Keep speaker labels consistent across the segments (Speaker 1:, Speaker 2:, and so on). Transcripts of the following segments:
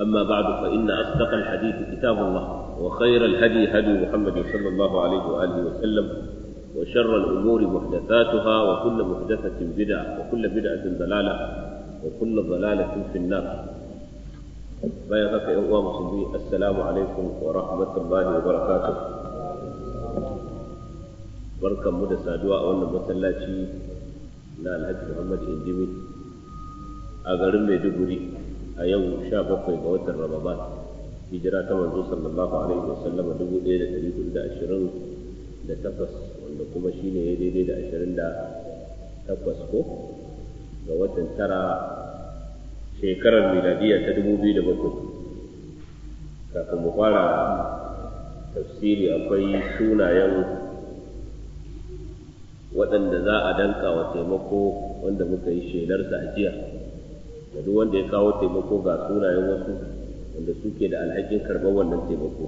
Speaker 1: أما بعد فإن أصدق الحديث كتاب الله وخير الهدي هدي محمد صلى الله عليه وآله وسلم وشر الأمور محدثاتها وكل محدثة بدعة وكل بدعة ضلالة وكل ضلالة في النار بيغك يا أخوة السلام عليكم ورحمة الله وبركاته بركة مدى سادواء وأن مسلاتي لا الهدي محمد إندمي أغرمي دبري a yau bakwai ga watan Ramadan hijira ta manzo sallallahu alaihi wasallam takwas wanda kuma shine ya daidai da ashirin da takwas ko ga watan tara shekarar miladiya ta dubu biyu da bakwai kafin mu fara tafsiri akwai sunayen waɗanda za a danka wa taimako wanda muka yi shelarsa a jiya da duk wanda ya kawo taimako ga sunayen wasu wanda suke da alhakin karɓar wannan taimako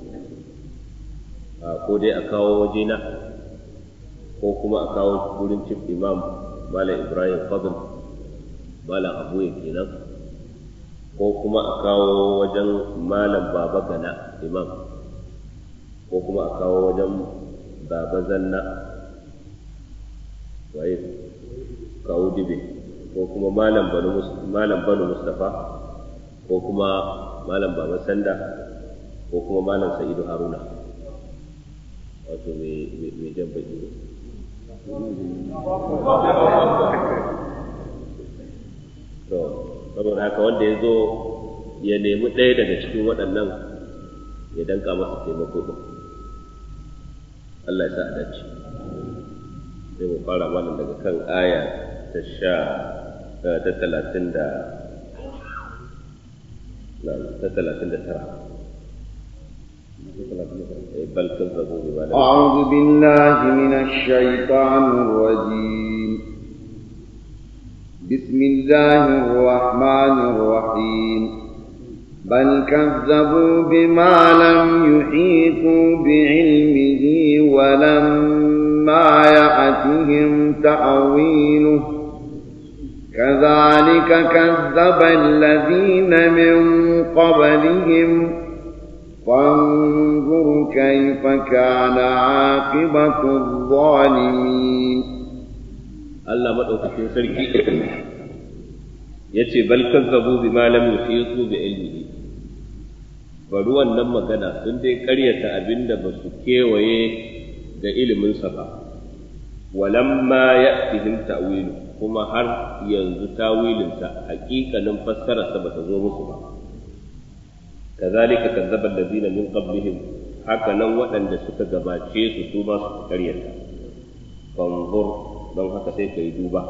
Speaker 1: ko dai a kawo wajena ko kuma a kawo wurin cif imam malam ibrahim fadl malam abu ya kenan ko kuma a kawo wajen malam baba gana imam ko kuma a kawo wajen baba zanna waye kawo dibe ko kuma malam banu mustafa ko kuma malam baba sanda ko kuma malam sa'idu haruna wato mai jan baki to saboda haka wanda ya zo ya nemi ɗaya daga cikin waɗannan ya danka masa taimako ɗin Allah ya sa a dace sai mu fara malam daga kan aya ta sha ta talatin da ta talatin da tara بل كذبوا بما أعوذ بالله
Speaker 2: من الشيطان الرجيم بسم الله الرحمن الرحيم بل كذبوا بما لم يحيطوا بعلمه ولما يأتهم تأويله كذلك كذب الذين من قبلهم فانظر كيف كان عاقبة الظالمين
Speaker 1: الله ما أوفى yace bal kazzabu bima lam yuhitu bi ilmihi fa ruwan nan magana sun dai karyata abinda ba su kewaye ga iliminsa ba walamma ya'tihim ta'wilu kuma har yanzu tawilinsa haƙiƙanin fassararsa ba ta zo muku ba Ta kazalika kazzaba allazina min qablihim haka nan waɗanda suka gabace su su ma su karyata don haka sai kai duba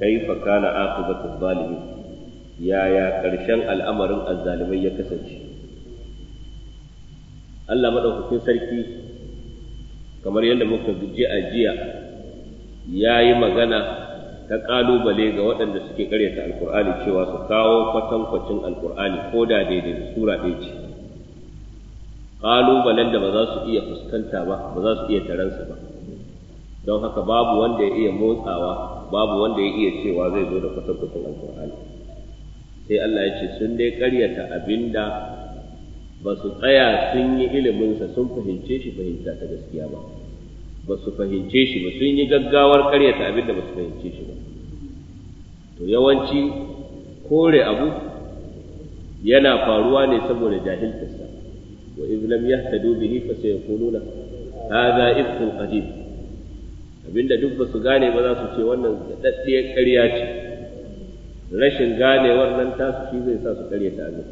Speaker 1: kaifa kana aqibatu zalimin yaya ƙarshen al'amarin azzalimai ya kasance Allah maɗaukakin sarki kamar yadda muka ji a jiya ya yi magana ta ƙalubale ga waɗanda suke karyata alkur'ani cewa su kawo kwatankwacin alkur'ani ko da daidai da sura ɗaya ce ƙalubalen da ba za su iya fuskanta ba ba za su iya taransa ba don haka babu wanda ya iya motsawa babu wanda ya iya cewa zai zo da kwatankwacin alkur'ani sai Allah ya ce sun dai karyata abinda ba su tsaya sun yi iliminsa sun fahimce shi fahimta ta gaskiya ba ba su fahimce shi ba sun yi gaggawar karyata abinda ba su fahimce shi ba to yawanci kore abu yana faruwa ne saboda jahiltarsa wa iz lam yahtadu bihi fa sayaquluna hadha ifkun qadim abinda duk ba su gane ba za su ce wannan daddiyar karya ce rashin ganewar nan su shi zai sa su karyata abin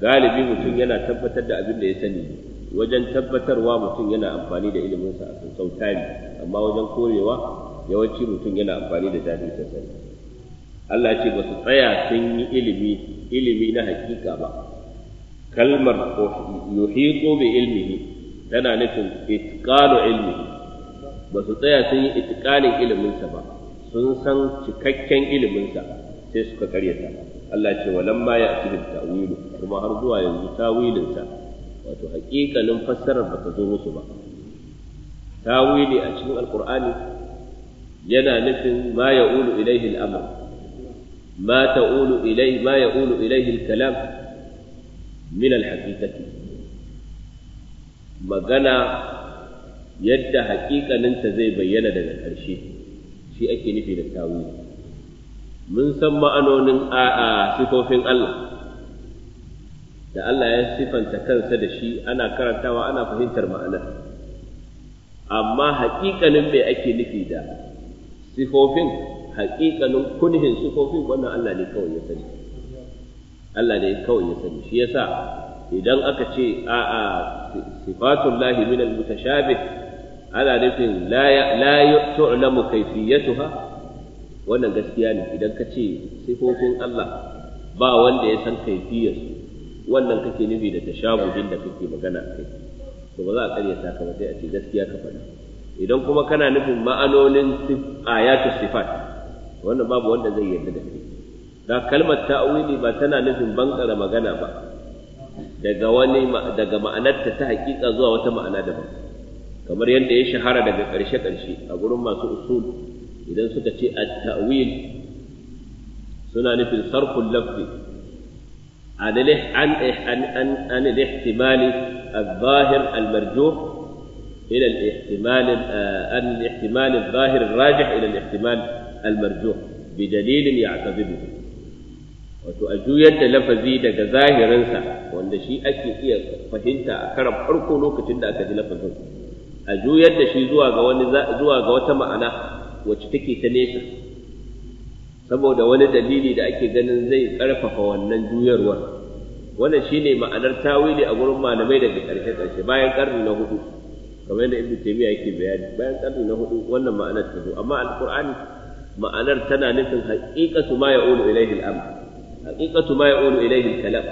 Speaker 1: galibi mutum yana tabbatar da abin da ya sani ne wajen tabbatarwa mutum yana amfani da iliminsa a kan sautari amma wajen korewa yawanci mutum yana amfani da ta sani Allah ce ba su tsaya sun yi ilimi ilimi na hakika ba kalmar yuhiqu bi ilmihi tana nufin itqalu ilmi ba su tsaya sun yi itqalin iliminsa ba sun san cikakken iliminsa sai suka karyata Allah ce walamma ya'tibu ta'wilu kuma har zuwa yanzu tawilinsa wato haƙiƙanin fassarar ba ta zo musu ba tawili a cikin alkur'ani yana nufin ma ulu ilaihi al'amr
Speaker 3: ma ulu
Speaker 1: ilaihi ma ulu ilaihi al-kalam min al-haqiqati magana yadda haƙiƙaninta zai bayyana daga ƙarshe shi ake nufi da tawili mun san ma'anonin a'a sifofin Allah da Allah ya sifanta kansa da shi ana karantawa ana fahimtar ma'anar amma haƙiƙanin me ake nufi da sifofin haƙiƙanin kunhin sifofin wannan Allah ne kawai ya sani Allah ne kawai ya sani shi yasa idan aka ce a a sifatullahi min al-mutashabih ana nufin la la tu'lamu kayfiyatuha wannan gaskiya ne idan ka ce sifofin Allah ba wanda ya san kayfiyarsu wannan kake nufi da tashabuhin da kake magana a kai to ba za a karyata ka ba sai a ce gaskiya ka faɗi. idan kuma kana nufin ma'anonin ayatu sifat wannan babu wanda zai yarda da kai da kalmar ta'awili ba tana nufin bankara magana ba daga wani daga ma'anarta ta hakika zuwa wata ma'ana daban kamar yadda ya shahara daga ƙarshe ƙarshe a gurin masu usul idan suka ce at-ta'wil suna nufin sarkun lafzi عن عن عن عن الاحتمال الظاهر المرجوح إلى الاحتمال الاحتمال الظاهر الراجح إلى الاحتمال المرجوح بدليل يعتضده wato a juyar da lafazi daga zahirinsa wanda shi ake iya fahimta a karan farko lokacin da aka ji lafazin a juyar da shi zuwa ga wani zuwa ga wata ma'ana wacce take ta nesa saboda wani dalili da ake ganin zai ƙarfafa wannan juyarwar wannan shine ma'anar tawili a gurin malamai daga ƙarshe ƙarshe bayan ƙarni na hudu kamar yadda ibnu taymiya yake bayani bayan ƙarni na hudu wannan ma'anar ta zo amma alqur'ani ma'anar tana nufin haqiqatu ma ya'ulu ilayhi al-amr haqiqatu ma ya'ulu ilayhi al-kalam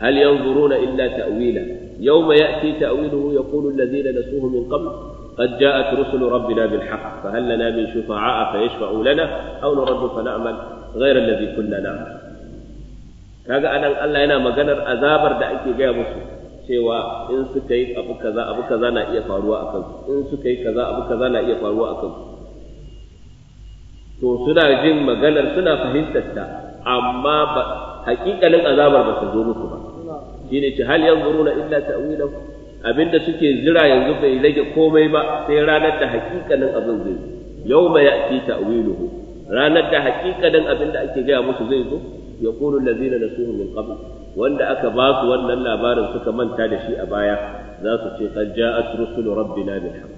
Speaker 1: hal yanzuruna illa ta'wila yawma ya'ti ta'wiluhu yaqulu alladhina nasuhu min qabl قد جاءت رسل ربنا بالحق فهل لنا من شفعاء فيشفعوا لنا أو نرد فنعمل غير الذي كنا نعمل kaga anan Allah yana maganar azabar da ake gaya musu cewa in suka yi abu kaza abu kaza na iya faruwa a kansu in suka yi kaza abu kaza na iya faruwa a kansu to suna jin maganar suna fahimtar ta amma ba hakikalin azabar ba ta zo musu ba shine ce hal yanzuruna illa ta'wilahu abinda suke zira yanzu bai rage komai ba sai ranar da hakikanin abin zai zo yawma ya'ti ta'wiluhu ranar da hakikanin abin da ake gaya musu zai zo ya qulu allazina nasuhu min qabl wanda aka ba su wannan labarin suka manta da shi a baya za su ce qad ja'at rusulu rabbina bil haqq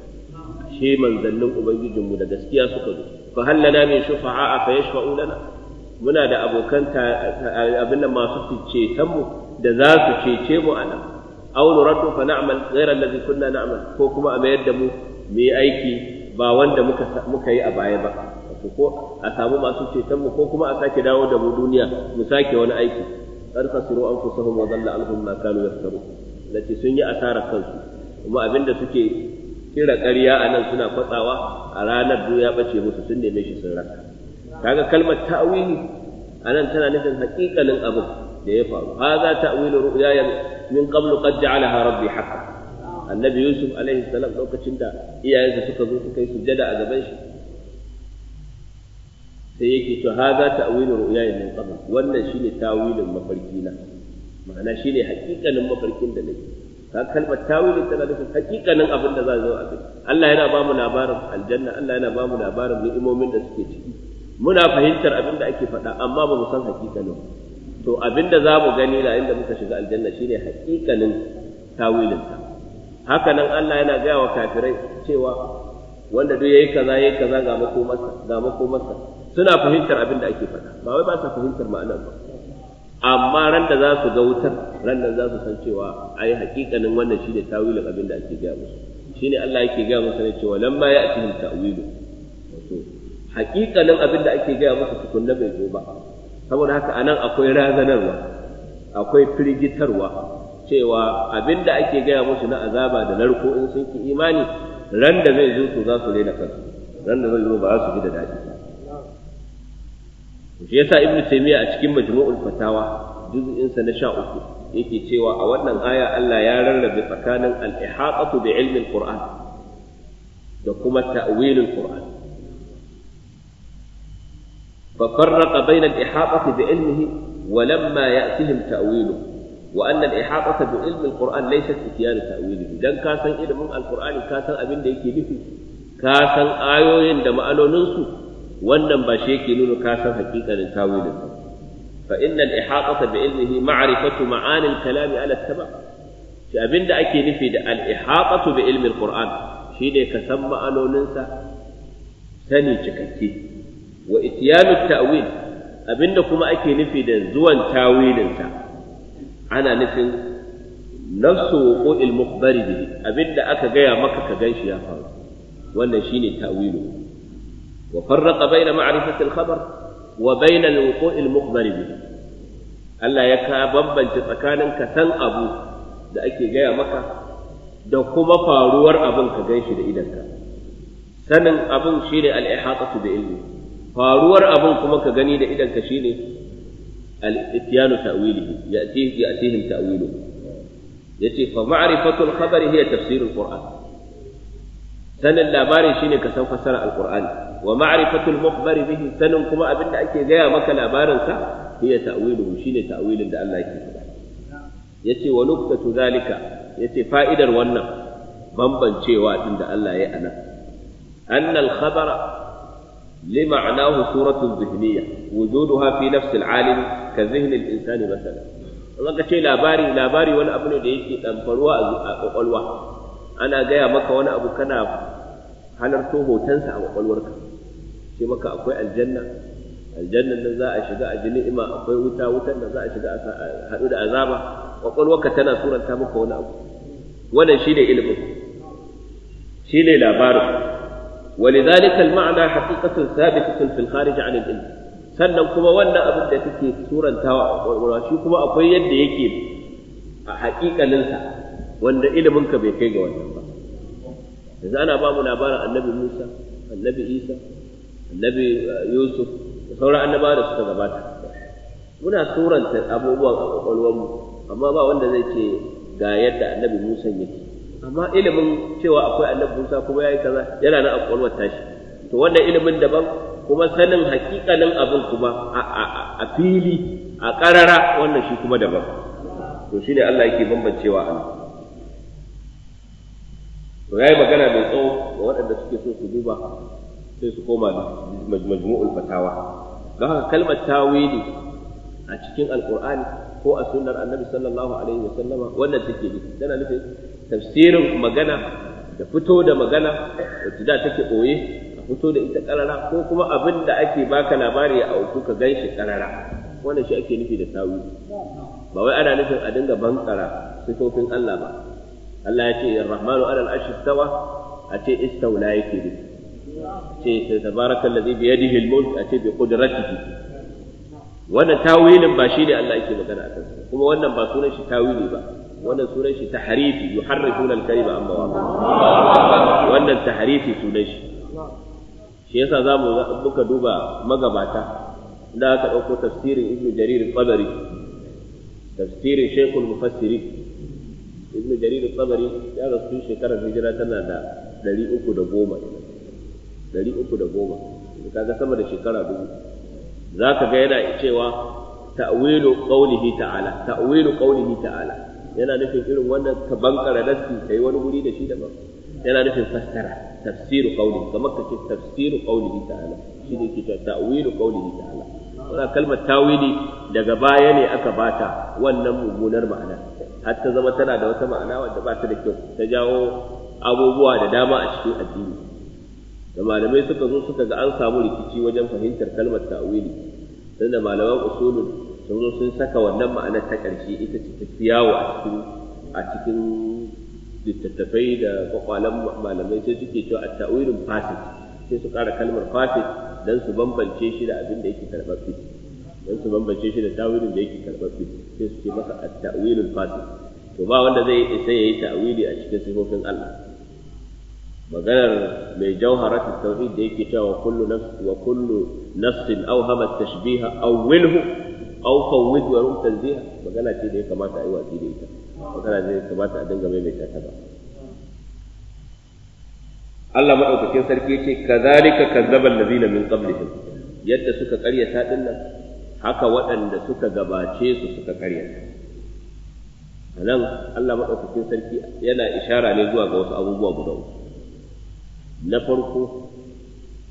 Speaker 1: shi manzannin ubangijinmu da gaskiya suka zo fa hallana min shufa'a fa yashfa'u lana muna da abokan abin nan masu cece mu da za su cece mu a nan aw nuraddu fa na'mal ghayra alladhi kunna na'mal ko kuma a mayar da mu mu yi aiki ba wanda muka muka yi a baya ba ko a samu masu ceton mu ko kuma a sake dawo da mu duniya mu sake wani aiki qad khasiru anfusahum wa dhalla anhum ma kanu yaftaru lati sun yi asara kansu kuma abinda suke kira ƙarya a nan suna kwatsawa a ranar duniya bace musu sun neme shi sun raka kaga kalmar ta'wili a nan tana nufin haƙiƙanin abin da ya faru ha za ta'wilu ru'ya min qablu qad ja'alaha rabbi haqqan annabi yusuf alaihi salam lokacin da iyayensa suka zo suka yi sujada a gaban shi sai yake to hadha ta'wilu ru'yaya min qabl wannan shine tawilin mafarki na ma'ana shine hakikanin mafarkin da nake ka kalmar tawilin tana nufin hakikanin abin da za zo a kai Allah yana ba mu labarin aljanna Allah yana ba mu labarin ni'imomin da suke ciki muna fahimtar abin da ake faɗa amma ba mu san hakikanin to abinda za mu gani la inda muka shiga aljanna shine hakikanin tawilinta haka nan Allah yana gaya wa kafirai cewa wanda duk yayi kaza yayi kaza ga masa ga masa suna fahimtar abin da ake faɗa ba wai ba sa fahimtar ma'anar ba amma ran da za su ga wutar ran da za su san cewa ai hakikanin wannan shine tawilin abin da ake gaya musu shine Allah yake gaya musu ne cewa lamma ya'tihim ta'wilu to hakikanin abin da ake gaya musu tukunna bai zo ba saboda haka anan akwai razanarwa akwai firgitarwa cewa abinda ake gaya musu na azaba da narko in sun ki imani ran da zai zo to za su rena kansu ran da zai zo ba za su ji da daɗi shi yasa ibn taymiya a cikin majmu'ul fatawa juz'insa na sha uku yake cewa a wannan aya Allah ya rarrabe tsakanin al-ihatatu bi ilmi al-qur'an da kuma ta'wilul qur'an ففرق بين الإحاطة بعلمه ولما يأتهم تأويله وأن الإحاطة بعلم القرآن ليست إتيان تأويله دان كاسن إذا من القرآن كاسن abinda ديكي نفي كاسن آيوين دم ألو ننسو wannan ba shi yake nuna kasan hakikanin tawilin fa inna al-ihaqata bi ilmihi ma'rifatu ma'ani al-kalami ala taba shi abinda ake nufi da al-ihaqatu bi ilmi shine ka san ma'anoninsa sani cikakke wa ityanu ta'wil abinda kuma ake nufi da zuwan tawilinsa ana nufin nafsu wuqu'il mukhbari bihi abinda aka gaya maka ka ganshi ya faru wannan shine ta'wilu wa farraqa baina ma'rifati al-khabar wa baina al-wuqu'il mukhbari bihi Allah ya ka bambance tsakanin ka san abu da ake gaya maka da kuma faruwar abin ka ganshi da idanka sanin abin shine al-ihatatu bi ilmi faruwar abin kuma ka gani da idan ka shine al-ittiyanu ta'wilihi ya'ti ya'tihim ta'wilu yace fa ma'rifatu al-khabari hiya tafsir al-qur'an sanin labarin shine ka san fasara al-qur'ani wa ma'rifatu al-mukhbari bihi sanin kuma abinda ake gaya maka labarin sa hiya ta'wiluhu shine ta'wilin da Allah yake faɗa yace wa nuqtatu zalika yace fa'idar wannan bambancewa din da Allah ya yi anan annal khabara لمعناه صورة ذهنية وجودها في نفس العالم كذهن الإنسان مثلا zaka ce labari labari wani abu ne da yake ɗamfarwa a ƙwaƙwalwa ana gaya maka wani abu kana halarto hotonsa a ƙwaƙwalwarka ce maka akwai aljanna aljannan nan za a shiga a ji ni'ima akwai wuta wutan nan za a shiga a haɗu da azaba ƙwaƙwalwarka tana suranta maka wani abu wannan ilimin labarin ولذلك المعنى حقيقة ثابتة في الخارج عن العلم sannan kuma wannan abin da take turantawa a shi kuma akwai yadda yake a haƙiƙaninsa wanda ilimin ka bai kai ga wannan ba yanzu ana ba mu labarin annabi Musa annabi Isa annabi Yusuf da sauran annabawa da suka gabata muna suranta abubuwan a mu amma ba wanda zai ce ga yadda annabi Musa yake amma ilimin cewa akwai annabi Musa kuma yayi kaza yana nan a kwalwar tashi to wannan ilimin daban kuma sanin hakikanin abin kuma a fili a karara wannan shi kuma daban to shine Allah yake bambancewa an to yayi magana mai tsawo ga waɗanda suke so su duba sai su koma majmu'ul fatawa don haka kalmar tawili a cikin alqur'ani ko a sunnar annabi sallallahu alaihi wasallama wannan take ne tana nufin tafsirin magana da fito da magana wacce da take ɓoye a fito da ita ƙarara ko kuma abin da ake baka labari a auku ka gan shi ƙarara wannan shi ake nufi da tawi ba wai ana nufin a dinga bankara sifofin Allah ba Allah ya ce rahmanu 'ala al-'arshi tawa a ce istawla yake A ce ladhi bi yadihi al-mulk a ce bi qudratihi wannan tawilin ba shi ne Allah yake magana a Kansa. kuma wannan ba sunan shi tawili ba wannan sunan shi tahrifi yuharrifuna al-kalima amma wa wannan tahrifi sunan shi shi yasa zamu ga muka duba magabata da aka dauko tafsirin ibn jarir al-tabari tafsirin shaykhul mufassiri ibn jarir al-tabari ya rasu shekarar hijira tana da 310 310 kaga sama da shekara dubu zaka ga yana cewa ta'wilu qawlihi ta'ala ta'wilu qawlihi ta'ala yana nufin irin wannan ka bankara nassi yi wani guri da shi daban yana nufin fassara tafsiru qawli kamar ce tafsiru qawlihi ta'ala shi ne ke ta'wilu ta'ala wannan kalmar tawili daga baya ne aka bata wannan mummunar ma'ana har ta zama tana da wata ma'ana wadda ba ta da kyau ta jawo abubuwa da dama a cikin addini da malamai suka zo suka ga an samu rikici wajen fahimtar kalmar ta'wili tunda malaman usulul sun zo sun saka wannan ma'anar ta ƙarshe ita ce ta fi yawo a cikin a cikin littattafai da kwakwalan malamai sai suke cewa a ta'wirin fasid sai su ƙara kalmar fasid don su bambance shi da abin da yake karɓaɓɓe don su bambance shi da ta'wirin da yake karɓaɓɓe sai su ce masa a ta'wirin fasid to ba wanda zai isa ya yi ta'wili a cikin sifofin Allah maganar mai jauharatul tauhid da yake cewa kullu nafs wa kullu nafsin awhama tashbiha wilhu. aw fawwid wa rum tanziha magana ce da ya kamata a yi watsi da ita magana ce da ya kamata a dinga maimaita ta ba Allah madaukakin sarki yace kazalika kazzaba allazina min qablihim yadda suka karyata din nan haka waɗanda suka gabace su suka karyata anan Allah madaukakin sarki yana ishara ne zuwa ga wasu abubuwa guda uku na farko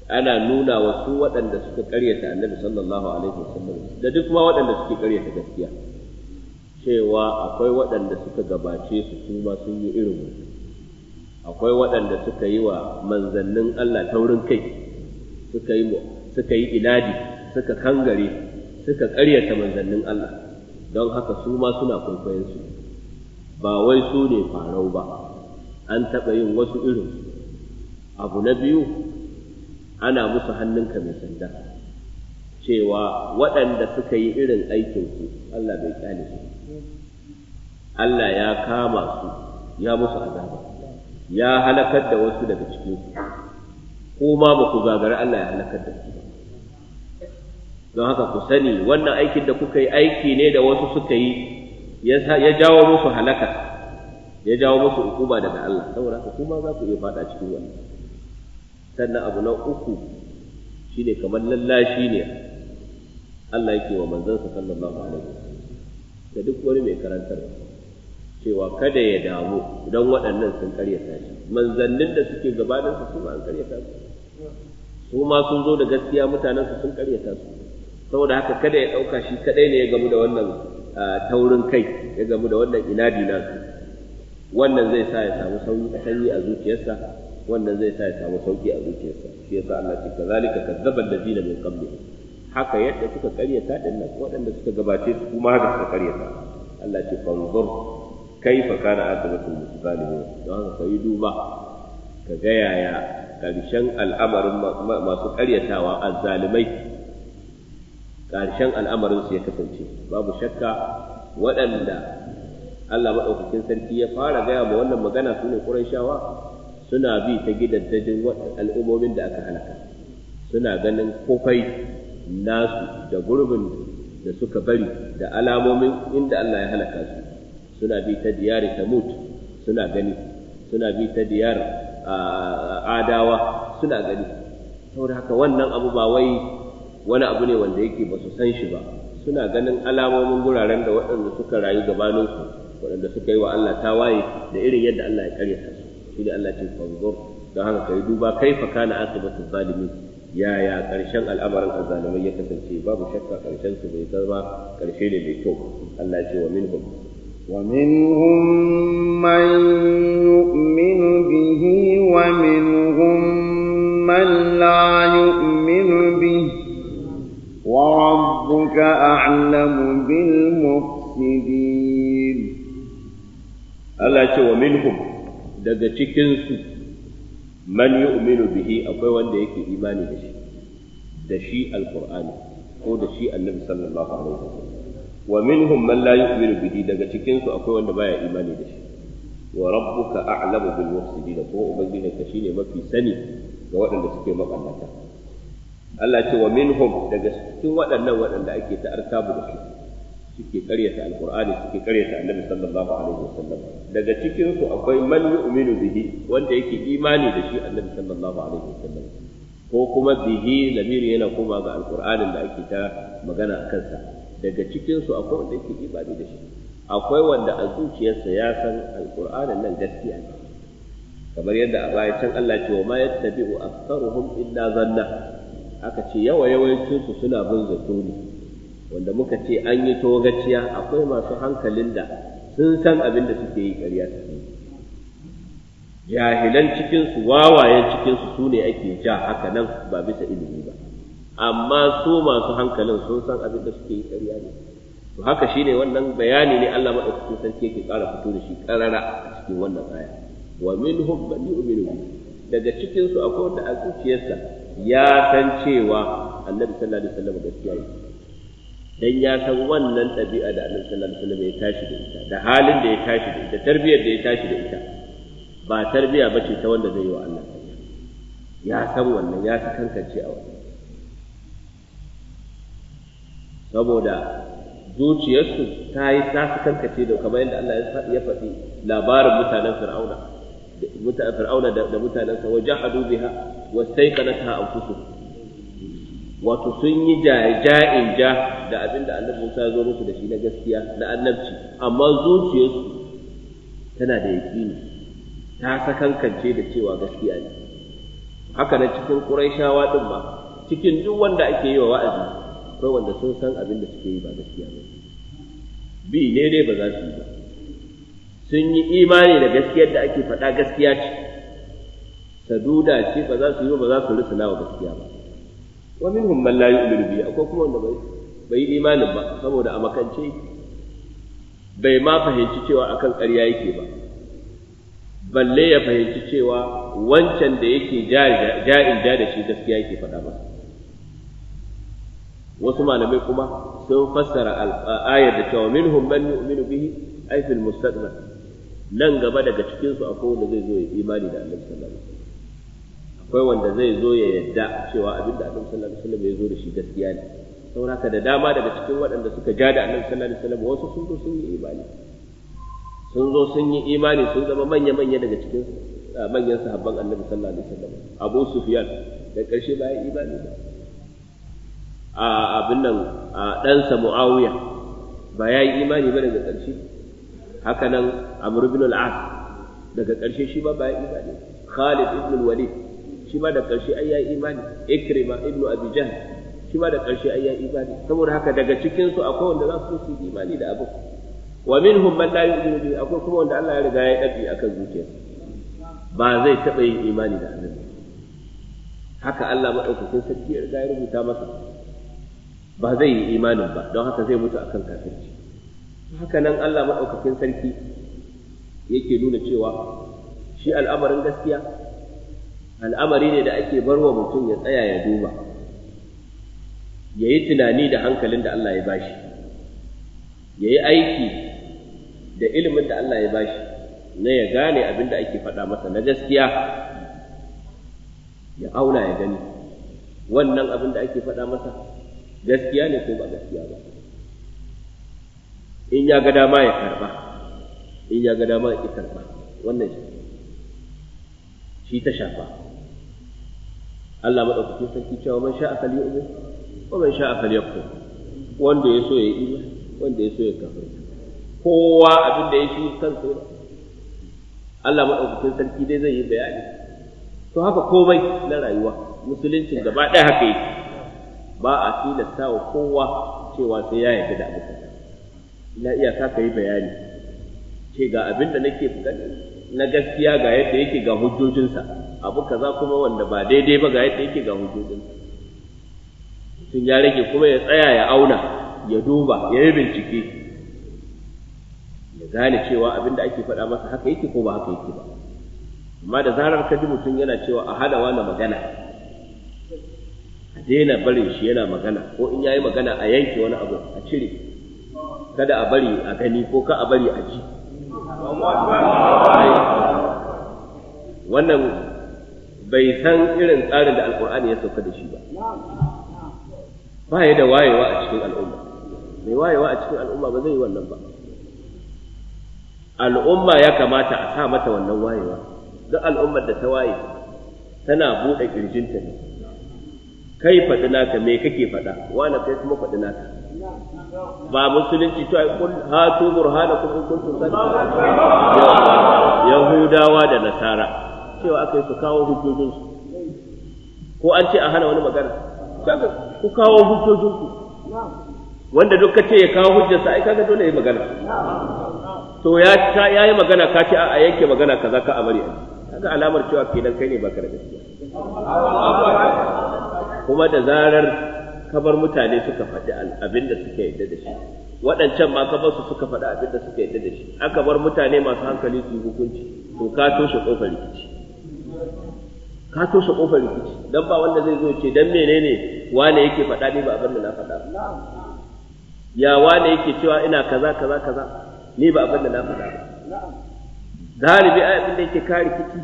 Speaker 1: ana nuna wa su waɗanda suka ƙaryata annabi sallallahu alaihi wasallam da duk ma waɗanda suke ƙaryata gaskiya cewa akwai waɗanda suka gabace su su sun yi irin akwai waɗanda suka yi wa manzannin Allah taurin kai suka yi suka yi inadi suka kangare suka ƙaryata manzannin Allah don haka su ma suna kwaikwayon su ba wai su ne farau ba an taɓa yin wasu irin abu na biyu ana musu hannunka mai sanda cewa waɗanda suka yi irin aikinku Allah bai kyale su Allah ya kama su ya musu azaba ya halakar da wasu daga cikin su ko ma ba ku gagari Allah ya halakar da su don haka ku sani wannan aikin da kuka yi aiki ne da wasu suka yi ya jawo musu halaka ya jawo musu hukuma daga Allah saboda hukuma za ku iya fada cikin wannan sannan abu na uku shine kamar lallashi ne Allah yake wa manzansa sallallahu alaihi wasallam da duk wani mai karantar cewa kada ya damu don waɗannan sun karyata shi manzannin da suke gabanin su su an karyata su su ma sun zo da gaskiya mutanen su sun karyata su saboda haka kada ya ɗauka shi kadai ne ya gamu da wannan taurin kai ya gamu da wannan inadi nasu wannan zai sa ya samu sanyi a zuciyarsa wannan zai sa ya samu sauki a zuciyarsa shi yasa Allah ce kazalika kazzaba allazina min qablihi haka yadda suka karyata din nan waɗanda suka gabace su kuma haka suka karyata Allah ce fanzur kaifa kana aqibatul mutazalimin don haka kai duba ka ga yaya karshen al'amarin masu karyatawa azzalimai karshen al'amarin su ya kasance babu shakka waɗanda Allah maɗaukakin sarki ya fara gaya ma wannan magana su ne shawa? suna bi ta dajin al'ummomin da aka halaka suna ganin kofai nasu da gurbin da suka bari da alamomin inda Allah ya halaka su suna bi ta diyar tamut suna gani suna bi ta diyar adawa suna gani saboda haka wannan abu ba wai wani abu ne wanda yake ba su san shi ba suna ganin alamomin guraren da waɗanda suka rayu gabaninsu waɗanda suka yi wa Allah tawaye da irin yadda Allah ya karyata shi da Allah ce fanzur don haka kai duba kaifa kana aqibatu zalimin yaya karshen al'amarin azzalimai ya kasance babu shakka karshen su bai zama karshe ne mai kyau Allah ce wa minhum
Speaker 2: wa minhum man yu'minu bihi wa minhum man la yu'minu bihi wa rabbuka a'lamu bil mufsidin
Speaker 1: Allah ce wa minhum daga cikinsu man yi yu'minu bihi akwai wanda yake imani da shi da shi alqur'ani ko da shi annabi sallallahu alaihi wasallam wa minhum man la yu'minu bihi daga cikinsu akwai wanda baya imani da shi wa rabbuka a'lamu bil mufsidin ko ubangiji ka shine mafi sani ga waɗanda suke maballata Allah ce wa minhum daga cikin waɗannan waɗanda ake ta arkabu da su suke karyata alqur'ani suke karyata annabi sallallahu alaihi wasallam daga cikin su akwai man yu'minu bihi wanda yake imani da shi annabi sallallahu alaihi wasallam ko kuma bihi lamiri yana koma ga alqur'anin da ake ta magana a kansa daga cikin su akwai wanda yake imani da shi akwai wanda a zuciyarsa ya san alqur'anin nan gaskiya ne kamar yadda a baya can Allah ce wa ma yattabi'u aktharuhum illa zanna aka ce yawa yawancin su suna bin zato ne wanda muka ce an yi togaciya akwai masu hankalin da sun san abin da suke yi ƙarya yi jahilan cikinsu wawayen cikinsu su ne ake ja haka nan ba bisa ilimi ba amma su masu hankalin sun san abin da suke yi ƙarya ne to haka shine wannan bayani ne Allah madaukakin sarki yake ƙara fito da shi ƙarara a cikin wannan aya wa minhum man yu'minu daga cikinsu akwai wanda a zuciyarsa ya san cewa Annabi sallallahu alaihi wasallam gaskiya ne dan ya san wannan ɗabi'a da annabi sallallahu alaihi ya tashi da ita da halin da ya tashi da ita tarbiyar da ya tashi da ita ba tarbiya ba ce ta wanda zai yi wa Allah ya san wannan ya ta kankance a wannan saboda zuciyarsu ta yi ta su kankace da kamar yadda Allah ya faɗi labarin mutanen fir'auna da mutanen fir'auna da mutanen sa wajahadu biha wastaiqanatha anfusuhum wato sun yi ja'in ja da abin da annabi Musa ya zo musu da shi na gaskiya na annabci amma zuciyarsu tana da yaƙini ta sakankance da cewa gaskiya ne
Speaker 2: haka na cikin
Speaker 1: ƙuraishawa ɗin ba cikin duk wanda ake yi wa wa'azi akwai wanda sun san abin da suke yi ba gaskiya ba bi ne dai ba za su yi ba sun yi imani da gaskiyar da ake faɗa gaskiya ce saduda ce ba za su yi ba za su rusuna wa gaskiya ba wa minhum man la akwai kuma wanda bai yi imanin ba saboda a makance bai ma fahimci cewa akan ƙarya yake ba balle ya fahimci cewa wancan da yake ja'in ja da shi gaskiya yake faɗa ba wasu malamai kuma sun fassara ayar da cewa minhum man yu'minu bihi ay mustaqbal nan gaba daga cikin su akwai wanda zai zo ya imani da Allah sallallahu alaihi akwai wanda zai zo ya yadda cewa abin da annabi sallallahu alaihi wasallam ya zo da shi gaskiya ne saboda haka da dama daga cikin waɗanda suka ja da annabi sallallahu alaihi wasallam wasu sun zo sun yi imani sun zo sun yi imani sun zama manya manya daga cikin ah, manyan sahabban annabi sallallahu alaihi wasallam Abu Sufyan da ƙarshe yi imani ba a ah, abin nan a ah, ɗansa Muawiya ba ya yi imani ba daga ƙarshe haka nan Amr ibn al-As daga ƙarshe shi ba ba ya imani Khalid ibn al-Walid shi ma da ƙarshe ayya yayi imani ikrima ibnu Abijan. jahl shi ma da ƙarshe ayya imani saboda haka daga cikin su akwai wanda za su su imani da abu wa minhum man la yu'minu bihi akwai kuma wanda Allah ya riga ya dabi akan zuciya ba zai taɓa yin imani da annabi haka Allah madaukakin sarki ya riga ya rubuta masa ba zai yi imanin ba don haka zai mutu akan kafirci haka nan Allah madaukakin sarki yake nuna cewa shi al'amarin gaskiya al'amari ne da ake barwa mutum ya tsaya ya duba ya yi tunani da hankalin da Allah ya bashi ya yi aiki da ilimin da Allah ya bashi na ya gane abin da ake faɗa masa na gaskiya ya auna ya gani wannan abin da ake faɗa masa gaskiya ne ko ba gaskiya ba in ya ga dama ya karba in ya ga dama ya karba wannan shi ta shafa Allah madaukakin sarki cewa man sha'a falyu'min wa man sha'a falyakfur wanda ya so ya yi wanda ya so ya kafir kowa abin da ya shi kansa ne Allah madaukakin sarki dai zai yi bayani to haka komai na rayuwa musuluncin gaba ɗaya haka yake ba a tilasta wa kowa cewa sai ya yarda da abu ina iya ka yi bayani ce ga abin da nake bukata na gaskiya ga yadda yake ga hujjojinsa abu kaza kuma wanda ba daidai ba ga yadda yake ga hujjojinsa sun ya rage kuma ya tsaya ya auna ya duba ya yi bincike ya gane cewa abin da ake faɗa masa haka yake ko ba haka yake ba amma da zarar ka ji mutum yana cewa a hada wani magana a daina barin shi yana magana ko in ya yi magana a yanke wani abu a cire kada a bari a gani ko ka a bari a ji wannan bai san irin tsarin da alkur'ani ya sauka da shi ba ba ya da wayewa a cikin al'umma mai wayewa a cikin al'umma ba zai yi wannan ba al'umma ya kamata a sa mata wannan wayewa duk al'ummar da ta waye tana buɗe ƙirjinta ne kai faɗi naka me kake faɗa wani kai kuma faɗi naka ba musulunci to ai kun hatu burhanakum in kuntum sadiqin yahudawa da nasara cewa aka yi su kawo hujjojinsu ko an ce a hana wani magana ku kawo hujjojinku
Speaker 3: wanda duk ka ce ya kawo hujjarsa ai kaga dole ya yi magana to ya ya yi magana ka ce a yake
Speaker 1: magana kaza ka amari kaga alamar cewa kenan kai ne baka da gaskiya kuma da zarar kabar mutane suka faɗi abin da suka yadda da shi waɗancan ma kabar su suka faɗi abin da suka yadda da shi aka bar mutane masu hankali su hukunci to ka toshe ƙofar rikici ka toshe kofar rikici dan ba wanda zai zo ce dan menene wane yake faɗa ni ba abin da na faɗa ya wane yake cewa ina kaza kaza kaza ni ba abin da na faɗa galibi a abin da yake ka rikici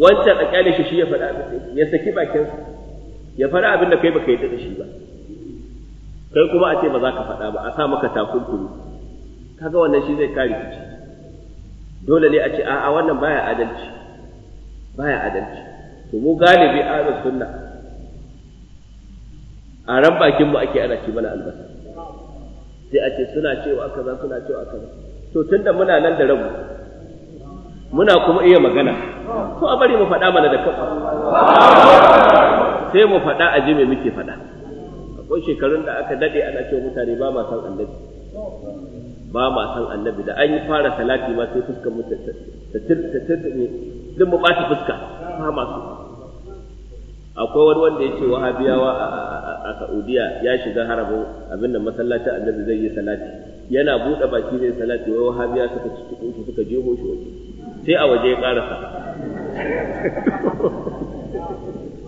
Speaker 1: wancan a kyale shi shi ya faɗa abin ya saki bakin ya faɗa abin da kai baka yi da shi ba kai kuma a ce ba za ka faɗa ba a sa maka takunkuri kaga wannan shi zai ka rikici dole ne a ce a'a wannan baya adalci baya adalci to mu galibi ahlus sunna a ran bakin mu ake ana ci mana albasa sai a ce suna cewa kaza suna cewa kaza to tunda muna nan da rabu muna kuma iya magana to a bari mu faɗa mana da kafa sai mu faɗa a ji me muke faɗa akwai shekarun da aka daɗe ana cewa mutane ba ma san annabi ba ma san annabi da an yi fara salati ma sai fuskar mu ta duk mu ɓata fuska ma su akwai wani wanda ya ce wahabiyawa a saudiya ya shiga harabo abin da masallacin annabi zai yi salati yana buɗe baki zai salati wai wahabiya suka cikin shi suka jeho shi waje
Speaker 3: sai a waje ya ƙarasa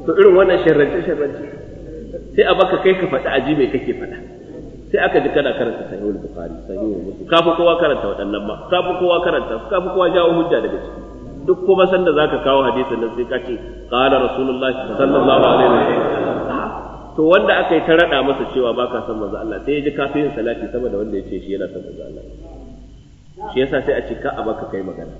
Speaker 3: to irin wannan sharrance
Speaker 1: sharrance sai a baka kai ka faɗi aji mai kake faɗa sai aka ji kana karanta sahihul bukhari sahihul muslim kafi kowa karanta waɗannan ba kafi kowa karanta kafi kowa jawo hujja daga ciki duk kuma sanda zaka kawo hadisin nan sai ka ce qala rasulullahi sallallahu alaihi wasallam to wanda aka yi ta rada masa cewa baka san manzo Allah sai ya ji kafin salati saboda wanda ya ce shi yana san manzo Allah shi yasa sai a ce ka a baka kai magana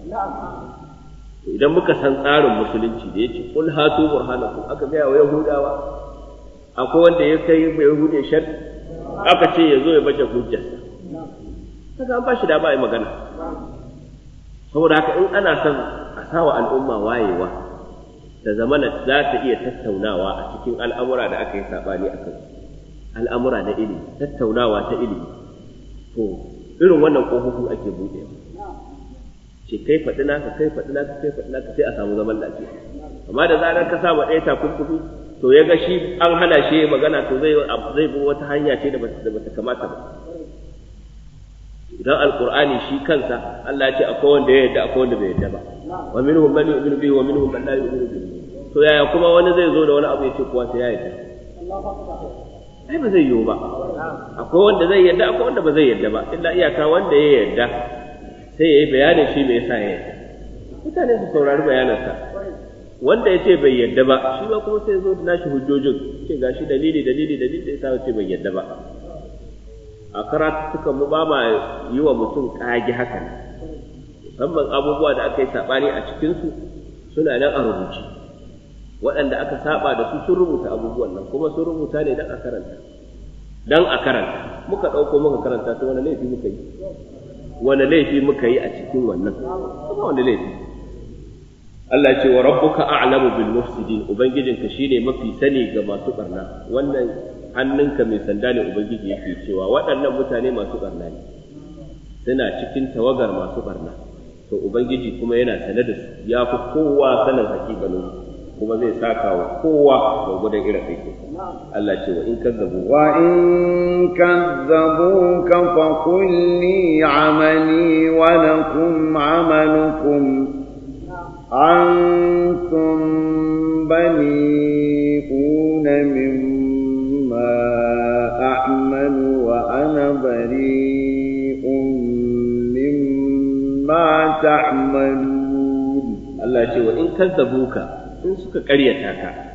Speaker 1: idan muka san tsarin musulunci da yake kul hatu burhanakum aka ga wa yahudawa akwai wanda ya kai mai hude shar aka ce ya zo ya baje hujja. kaga an ba shi da ba yi magana saboda haka in ana son sawa al'umma wayewa da zamana za ta iya tattaunawa a cikin al'amura da aka yi saɓani a kan al'amura na ilimi tattaunawa ta ilimi to irin wannan ƙofofin ake buɗe ce kai faɗi naka kai faɗi naka kai faɗi naka sai a samu zaman lafiya amma da zarar ka sama ɗaya takunkumi to ya ga shi an hana shi magana to zai zai bi wata hanya ce da bata kamata ba idan alqur'ani shi kansa Allah ya ce akwai wanda ya yarda akwai wanda bai yarda ba wa minhum man yu'minu bihi wa minhum man la yu'minu bihi to yaya kuma wani zai zo da wani abu ya ce kuwa sai ya yarda ai ba zai yiwu ba akwai wanda zai yarda akwai wanda ba zai yarda ba illa iyaka wanda ya yarda sai ya yi bayanin shi me yasa ya yarda mutane su saurari bayanansa wanda ya ce bai yarda ba shi ba kuma sai zo da nashi hujjojin ce gashi dalili dalili dalili da yasa ya ce bai yarda ba a karatu suka mu ba ma yi wa mutum kage haka nan musamman abubuwa da aka yi saɓani a cikinsu suna nan a rubuce waɗanda aka saɓa da su sun rubuta abubuwan nan kuma sun rubuta ne don a karanta don a karanta muka ɗauko muka karanta su wani laifi muka yi wani laifi muka yi a cikin wannan kuma wani laifi Allah ce wa rabbuka a'lamu bil mufsidin ubangijinka shine mafi sani ga masu barna wannan hannunka mai sanda ne ubangiji yake cewa waɗannan mutane masu barna ne suna cikin tawagar masu barna to ubangiji kuma yana sane da su ya fi kowa sanin hakikalin kuma zai saka wa kowa da gudan irin aiki Allah ce wa in zabu wa
Speaker 2: in kazzabu ka fa kulli amali wa lakum amalukum antum bani بريء مما تعملون الله يقول وإن كذبوك
Speaker 1: إن سك قريتك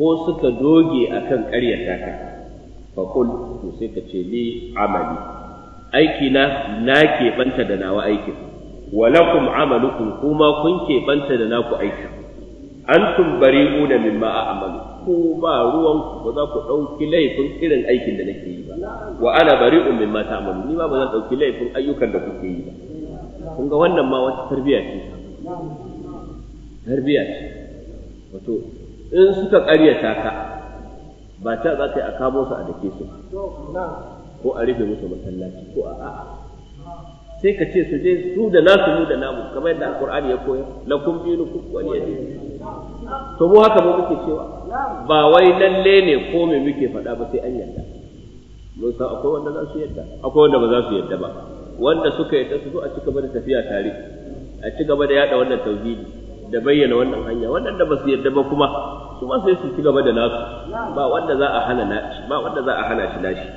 Speaker 1: ko suka doge a kan ƙaryata ka faƙul to sai ka ce ni amali aikina na keɓanta da nawa aikin walakum amalukum kuma kun keɓanta da naku aikin antum bari'una mimma a'malu ko ba ruwan ba za ku ɗauki laifin irin aikin da nake yi ba wa ana bari'un min ma ta'malu ni ba ba zan ɗauki laifin ayyukan da kuke yi ba kun ga wannan ma wata tarbiya ce tarbiya ce wato in suka ƙaryata ka ba ta za ta yi a kamo su a dake su ko a rufe musu masallaci ko a'a sai ka ce su je su da nasu mu da namu kamar yadda alkur'ani ya koyar lakum dinukum waliyadin
Speaker 3: to mu haka mu muke cewa ba wai lalle
Speaker 1: ne ko me muke faɗa ba sai an yarda mun san akwai wanda za su yarda akwai wanda ba za su yarda ba wanda suka yarda su zo a ci gaba da tafiya tare a ci gaba da yada wannan tauhidi da bayyana wannan hanya Wannan da ba su yarda ba kuma su ma sai su ci gaba da nasu ba wanda za a hana nashi ba wanda za a hana shi nashi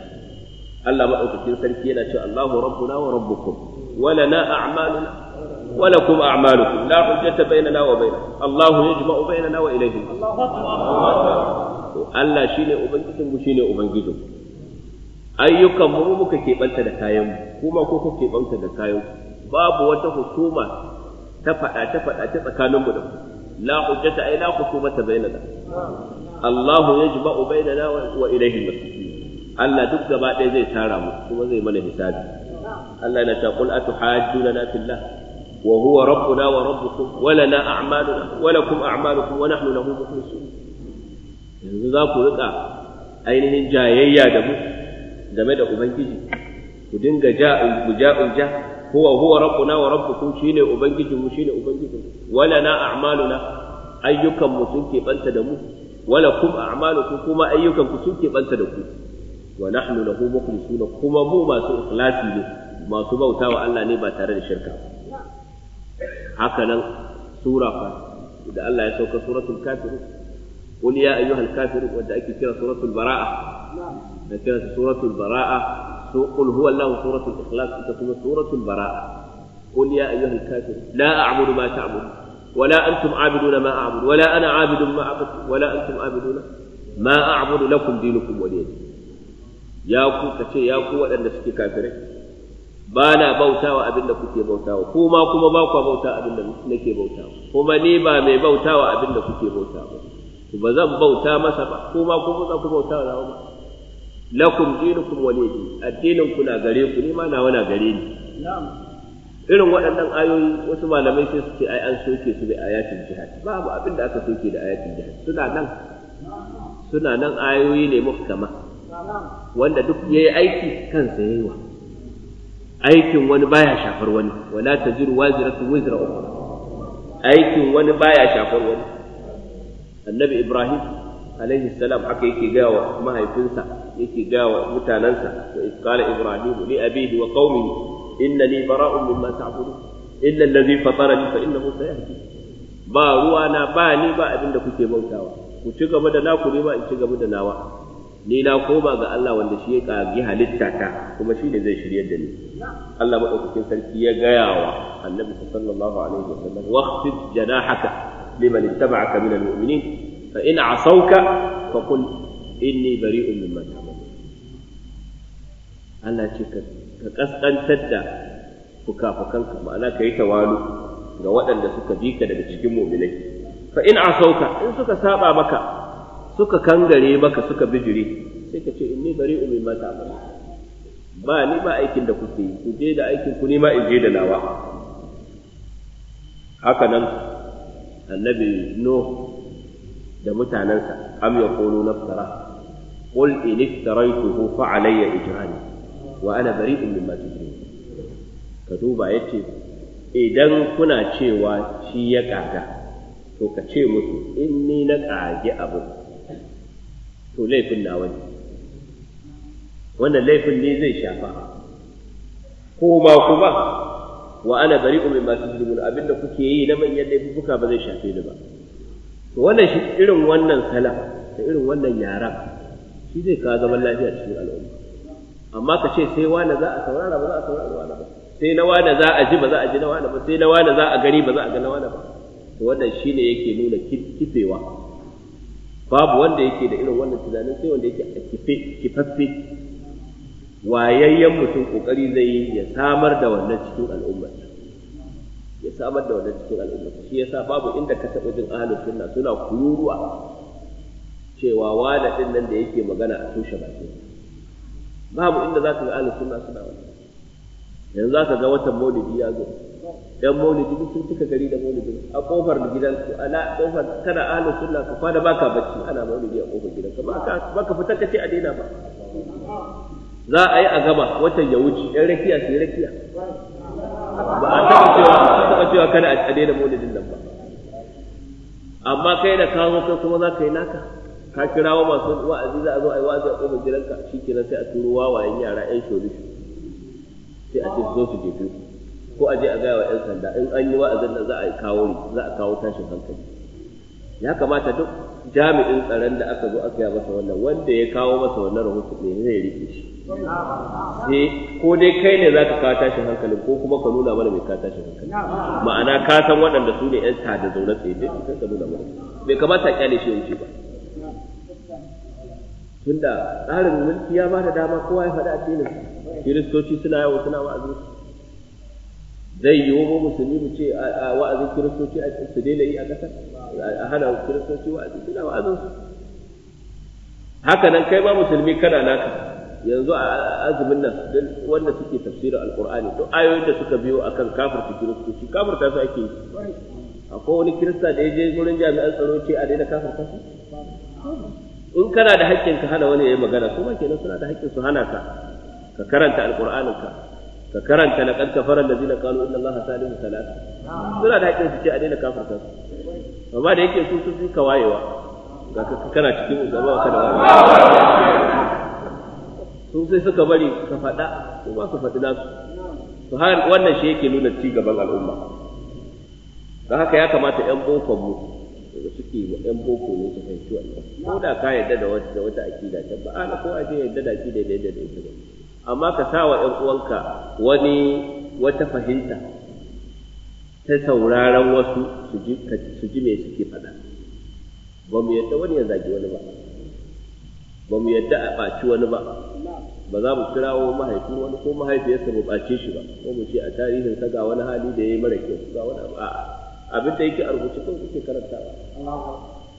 Speaker 1: Allah madaukakin sarki yana cewa Allahu rabbuna wa rabbukum wa lana a'maluna ولكم أعمالكم لا حجة بيننا وبينكم الله يجمع بيننا وإليه Allah shi ne Ubangijinmu shi ne Ubangijinmu, ayyukanmu muka keɓanta da kayanmu, kuma kuka keɓanta da kayanku, babu wata hukuma ta faɗa tsakaninmu da ku, la hujjata ai la hukuma ta bainana. Allah ya ji ba'u bainana wa ilaihi masjid. Allah duk gaba ɗaya zai tara mu kuma zai mana hisabi. na ta qul atuhajjuna na fillah wa huwa rabbuna wa rabbukum wa lana a'maluna wa lakum a'malukum da mu game da ubangiji ku dinga sun ke da mu wa kuma ayyukan ku sun ku kuma mu masu ne masu bautawa Allah ne ba tare da shirka Hakanan nan sura fa da Allah ya sauka suratul kafirun qul ya ayyuhal kafirun wanda ake kira suratul bara'a da kira suratul bara'a so qul huwa Allah suratul ikhlas ita kuma suratul bara'a qul ya ayyuhal kafirun la a'budu ma ta'budu ولا أنتم عابدون ما أعبد ولا أنا عابد ما أعبد ولا أنتم عابدون ما أعبد لكم دينكم ولي يا ku kace ya ku waɗanda suke kafirai ba na bautawa abin da kuke bautawa ko ma kuma ba ku bauta abin da nake bautawa kuma ni ba mai bautawa abin da kuke bautawa ba zan bauta masa ba ko ma kuma za ku bautawa wa ba lakum dinukum walidi addinin ku na gare ku ni ma na wani gare ni irin waɗannan ayoyi wasu malamai sai su ce ai an soke su da ayatin jihad babu abin da aka soke da ayatin jihad suna nan suna nan ayoyi ne muhkama wanda duk yayi aiki kansa yayi wa aikin wani baya shafar wani wala ta tajiru waziratu wizra ukhra aikin wani baya shafar wani annabi ibrahim alaihi salam haka yake gaya wa mahaifinsa yake gaya wa mutanansa wa isqala ibrahim li abihi wa qaumihi innani bara'un mimma ta'budun illa allazi fatarani fa innahu sayahdi ba ruwana ba ni ba abinda kuke bautawa ku ci gaba da naku ne ba in ci gaba da nawa ni na koma ga Allah wanda shi ya kagi halitta ta kuma shi ne zai shiryar da ni Allah madaukakin sarki ya gaya wa annabi sallallahu alaihi wa sallam waqtid janahaka liman ittaba'aka min almu'minin fa in asawka fa qul inni bari'un mimma Allah ce ka kaskantar da fukafukanka ma'ana ka yi tawalu ga waɗanda suka bi ka daga cikin mu'minai fa in asauka in suka saba maka suka kangare maka suka bijire sai ka ce inni bari umi mata ba ni ba aikin da kuke ku je da aikin ku ma in je da nawa haka nan annabi no da mutanensa am yaqulu naftara qul in iftaraytuhu fa alayya ijrani wa ana bari'un mimma tujrun ka duba yace idan kuna cewa shi ya kaga to ka ce musu inni na kage abu to laifin nawa ne wannan laifin ne zai shafa ko ma kuma wa ana bari'u mimma tushrikun abinda kuke yi na manyan laifuka ba zai shafe ni ba to wannan shi irin wannan sala da irin wannan yaran shi zai kawo zaman lafiya cikin al'umma amma ka ce sai wani za a saurara ba za a saurara wani ba sai na wani za a ji ba za a ji na wani ba sai na wani za a gani ba za a ga na wani ba to wannan shine yake nuna kifewa babu wanda yake da irin wannan tunanin sai wanda yake a kife kifaffe wayayyen mutum kokari zai yi ya samar da wannan cikin al'umma ya samar da wannan cikin al'umma shi yasa babu inda ka taɓa jin ahlus sunna suna kururuwa cewa wala din nan da yake magana a tushe bakin babu inda za ka ga ahlus sunna suna wannan yanzu za ka ga watan maulidi ya zo dan maulidi sun cika gari da maulidi a kofar gidan su ala kofar kana ahli sunna ka fada baka bacci ana maulidi a kofar gidan ka baka baka fita kace a daina ba za a yi a gaba watan ya wuce yan rakiya sai rakiya
Speaker 3: ba a taba cewa ba a taba cewa kana a daina
Speaker 1: maulidin nan ba amma kai da kawo kai kuma za ka yi naka ka kirawo masu wa'azi za a zo a yi wa'azi a kofar gidanka shikenan sai a turo wawayen yara yan shorishi sai a ce zo su jefe ku ko a je a gaya wa 'yan sanda in an yi wa'azin da za a kawo za a kawo tashin hankali ya kamata duk jami'in tsaron da aka zo aka yi masa wannan wanda ya kawo masa wannan rahoto ne zai rike shi
Speaker 3: sai eh, ko dai kai ne zaka kawo tashin
Speaker 1: hankalin ko kuma ka nuna mana mai kawo tashin hankali ma'ana ka san waɗanda su ne 'yan tada zaune tsaye dai kai ka nuna mana bai kamata a kyale shi ya wuce ba tunda tsarin mulki ya ba da dama kowa ya faɗi a filin kiristoci suna yawo suna su zai yi wa musulmi mu ce a wa'azin kiristoci a su daina yi a ƙasar a hana kiristoci wa'azi suna wa'azin su haka nan kai ma musulmi kana naka yanzu a azumin nan wanda suke tafsirin Alƙur'ani, to ayoyin da suka biyo akan kafirta kiristoci kafirta su ake yi akwai wani kirista da ya je gurin jami'an tsaro ce a daina kafirta su in kana da haƙƙin ka hana wani ya yi magana kuma kenan suna da haƙƙin su hana ka ka karanta alqur'anin ka ka karanta na kafaran da zina kalu inna allaha salimu salasa
Speaker 3: suna da hakkin su ce a
Speaker 1: daina kafirta su amma da yake su sun fi kawayewa ga kana cikin gaba ka da su sai suka bari ka faɗa su ba su faɗi nasu to har wannan shi yake nuna ci gaban al'umma don haka ya kamata 'yan bokon mu da suke wa 'yan boko ne su fahimci wannan ko da ka yarda da wata akida ta ba ana ko a ce yarda da akida da yadda da ita ba amma ka sa wa ‘yan uwanka wani wata fahimta ta sauraron wasu su ji mai suke faɗa ba mu yadda wani ya zagi wani ba ba mu yadda a ɓaci wani ba ba za mu kirawo mahaifin wani ko mahaifiyarsa mu ɓace shi ba ko mu ce a tarihin sa ga wani hali da ya yi mara kyau ga wani abu a'a abin da yake a rubuce ko kuke karanta,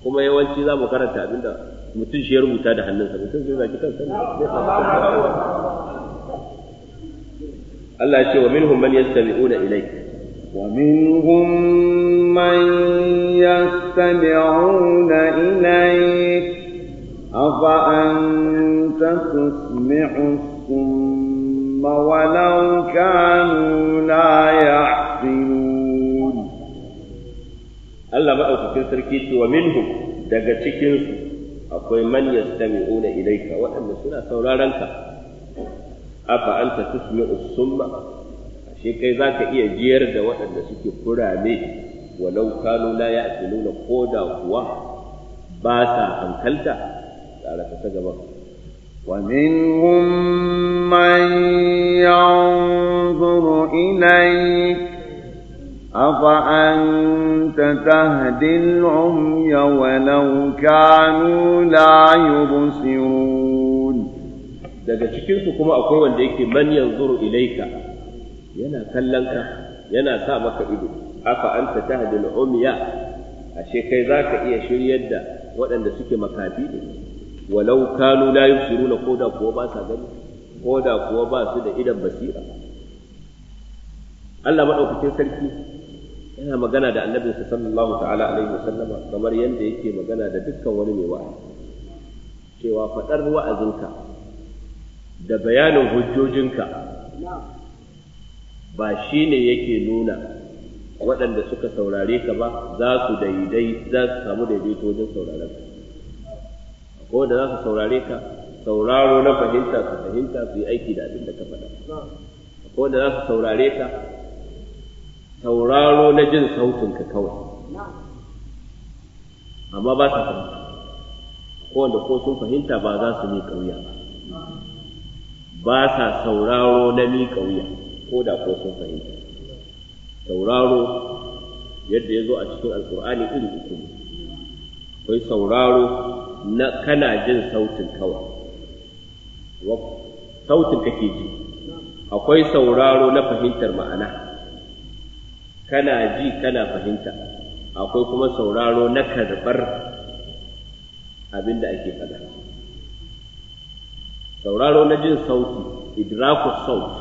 Speaker 1: kuma yawanci za mu karanta abin da mutum shi ya rubuta da hannunsa mutum zai zaki kansa ne
Speaker 3: Allah ya ce wa minhum man
Speaker 1: yastami'una ilayk wa
Speaker 2: minhum man yastami'una ilayk afa anta tusmi'u summa walau kanu la ya'qilun Allah madaukakin sarki ce wa minhum daga
Speaker 1: cikin su akwai man yastami'una ilayka waɗanda suna sauraron ka afa anta tusmi'u summa shi kai zaka iya jiyar da waɗanda suke kurame walau kanu la ya'qiluna koda kuwa
Speaker 2: ba sa hankalta tsara ta gaba ومنهم من ينظر إليك أفأنت تهدي العمي ولو كانوا لا يبصرون daga cikin
Speaker 1: kuma akwai wanda yake man yanzuru ilaika yana kallon ka yana sa maka ido afa anta ta umya ashe kai zaka iya shiryar da waɗanda suke makafi ne walau kanu la yubsiruna ko da kuwa ba sa gani ko da kuwa ba su da idan basira Allah madaukakin sarki yana magana da annabi sallallahu ta'ala alaihi kamar yadda yake magana da dukkan wani mai wa'azi cewa faɗar wa'azinka da bayanin hujjojinka ba shi ne yake nuna waɗanda suka saurare ka ba za su daidai za su samu daidaito wajen sauraron ka akwai wanda za su saurare ka sauraro na fahimta su fahimta su yi aiki da abin da ka faɗa akwai wanda za su saurare ka sauraro na jin sautin ka kawai amma ba ta fahimta ko wanda ko sun fahimta ba za su ne ƙauya ba ba sa sauraro na miƙa wuya ko da ko sun fahimta sauraro yadda ya zo a cikin alkur'ani iri uku akwai sauraro na kana jin sautin kawai sautin kake ji akwai sauraro na fahimtar ma'ana kana ji kana fahimta akwai kuma sauraro na karɓar abin da ake faɗa sauraro na jin sauti idraku sauti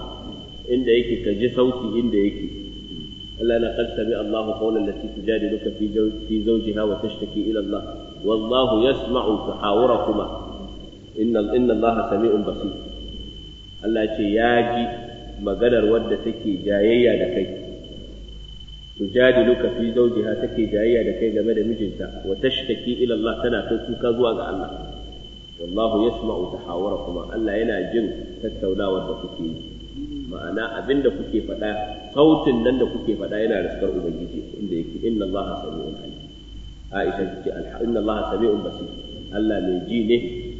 Speaker 1: inda yake ka ji sauti inda yake Allah na kan sami Allahu qawlan lati tujadiluka duka fi zaujiha wa tashtaki ila Allah wallahu yasma'u tahawurakuma inna inna Allah sami'un basir Allah ce ya ji maganar wadda take jayayya da kai su duka fi zaujiha take jayayya da kai game da mijinta wa tashtaki ila Allah tana kai kuka zuwa ga Allah wallahu yasma'u tahawarakum Allah yana jin tattaunawar da kuke yi ma'ana abinda kuke faɗa sautin nan da kuke faɗa yana riskar ubangiji inda yake inna Allah sami'un alim Aisha ta ce inna Allah sami'un basir Allah mai ji ne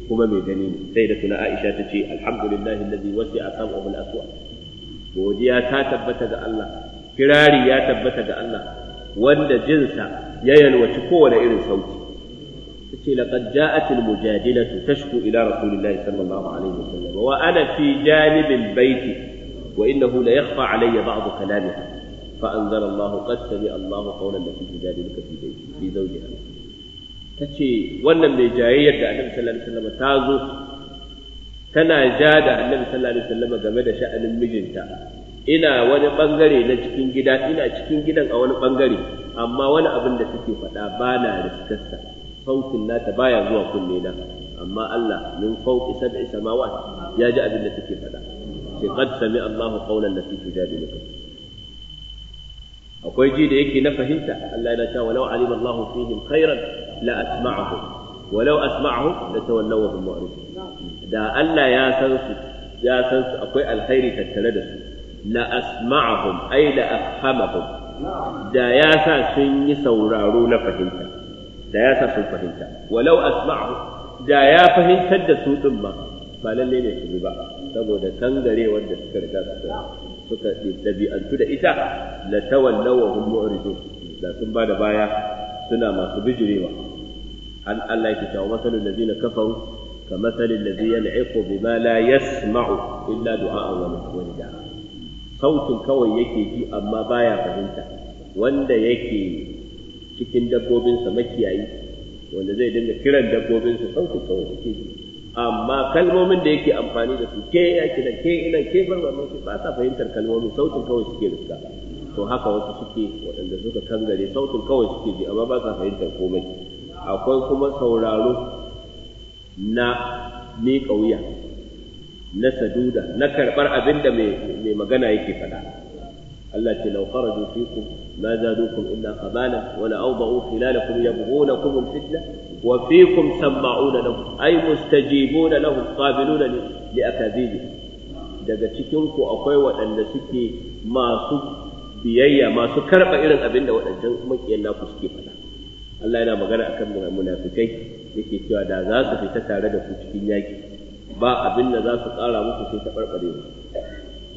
Speaker 1: kuma mai gani ne sai da tuna Aisha ta ce alhamdulillah alladhi wasi'a sam'ahu al-aswa godiya ta tabbata ga Allah kirari ya tabbata ga Allah wanda jinsa ya yalwaci kowane irin sauti تتي لقد جاءت المجادلة تشكو إلى رسول الله صلى الله عليه وسلم وأنا في جانب البيت وإنه ليخفى علي بعض كلامها فأنزل الله قد سمع الله قولا التي تجادلك في بيتي في زوجها تتي وانا من جاية النبي صلى الله عليه وسلم تازو tana ja da annabi sallallahu alaihi wasallam game da sha'anin mijinta ina wani bangare na cikin gida ina cikin gidan a wani bangare amma wani abin da suke faɗa ba na riskarsa sautin nata baya zuwa kunne na amma Allah min fawqi sab'i samawat ya ji abin da take faɗa sai qad sami Allahu qawlan lati tujadiluka akwai ji da yake na fahimta Allah yana cewa walau alima Allahu fihim khairan la asma'ahu walau asma'ahu la tawallawhum mu'rid da Allah ya san su ya san su akwai alkhairi tattare da su la asma'ahum ay la afhamahum da ya sa sun yi sauraro na fahimta da ya sa sun fahimta walau asma'u da ya fahimtar da su din ma ba lalle ne su ba saboda tangare wanda suka riga suka suka dabi'antu da ita la tawallaw wa hum mu'ridun da sun ba da baya suna masu bijirewa an Allah yake cewa masalul ladina kafaru kamathalil ladhi yan'iqu bima la yasma'u illa du'a'an wa nida'a sautin kawai yake ji amma baya fahimta wanda yake cikin dabbobinsa makiyayi wanda zai dinga kiran dabbobinsa sautin kawai suke ji amma kalmomin da yake amfani da su ke ya da ke ina ke bar mun ba sa fahimtar kalmomin sautin kawai suke riska to haka wasu suke waɗanda suka kangare sautin kawai suke ji amma ba sa fahimtar komai akwai kuma sauraro na miƙa wuya na saduda na karɓar abin da mai magana yake faɗa Allah ce law kharaju fikum la zadukum illa qabala wa la awda'u khilalakum yabghunakum al-fitna wa fikum sama'una lahum ay mustajibuna lahum qabiluna li akadibi daga cikin ku akwai waɗanda suke masu biyayya masu karɓa irin abinda da waɗancan makiyan naku suke faɗa Allah yana magana akan munafikai yake cewa da za su fita tare da ku cikin yaki ba abinda da za su ƙara muku sai ta barbarewa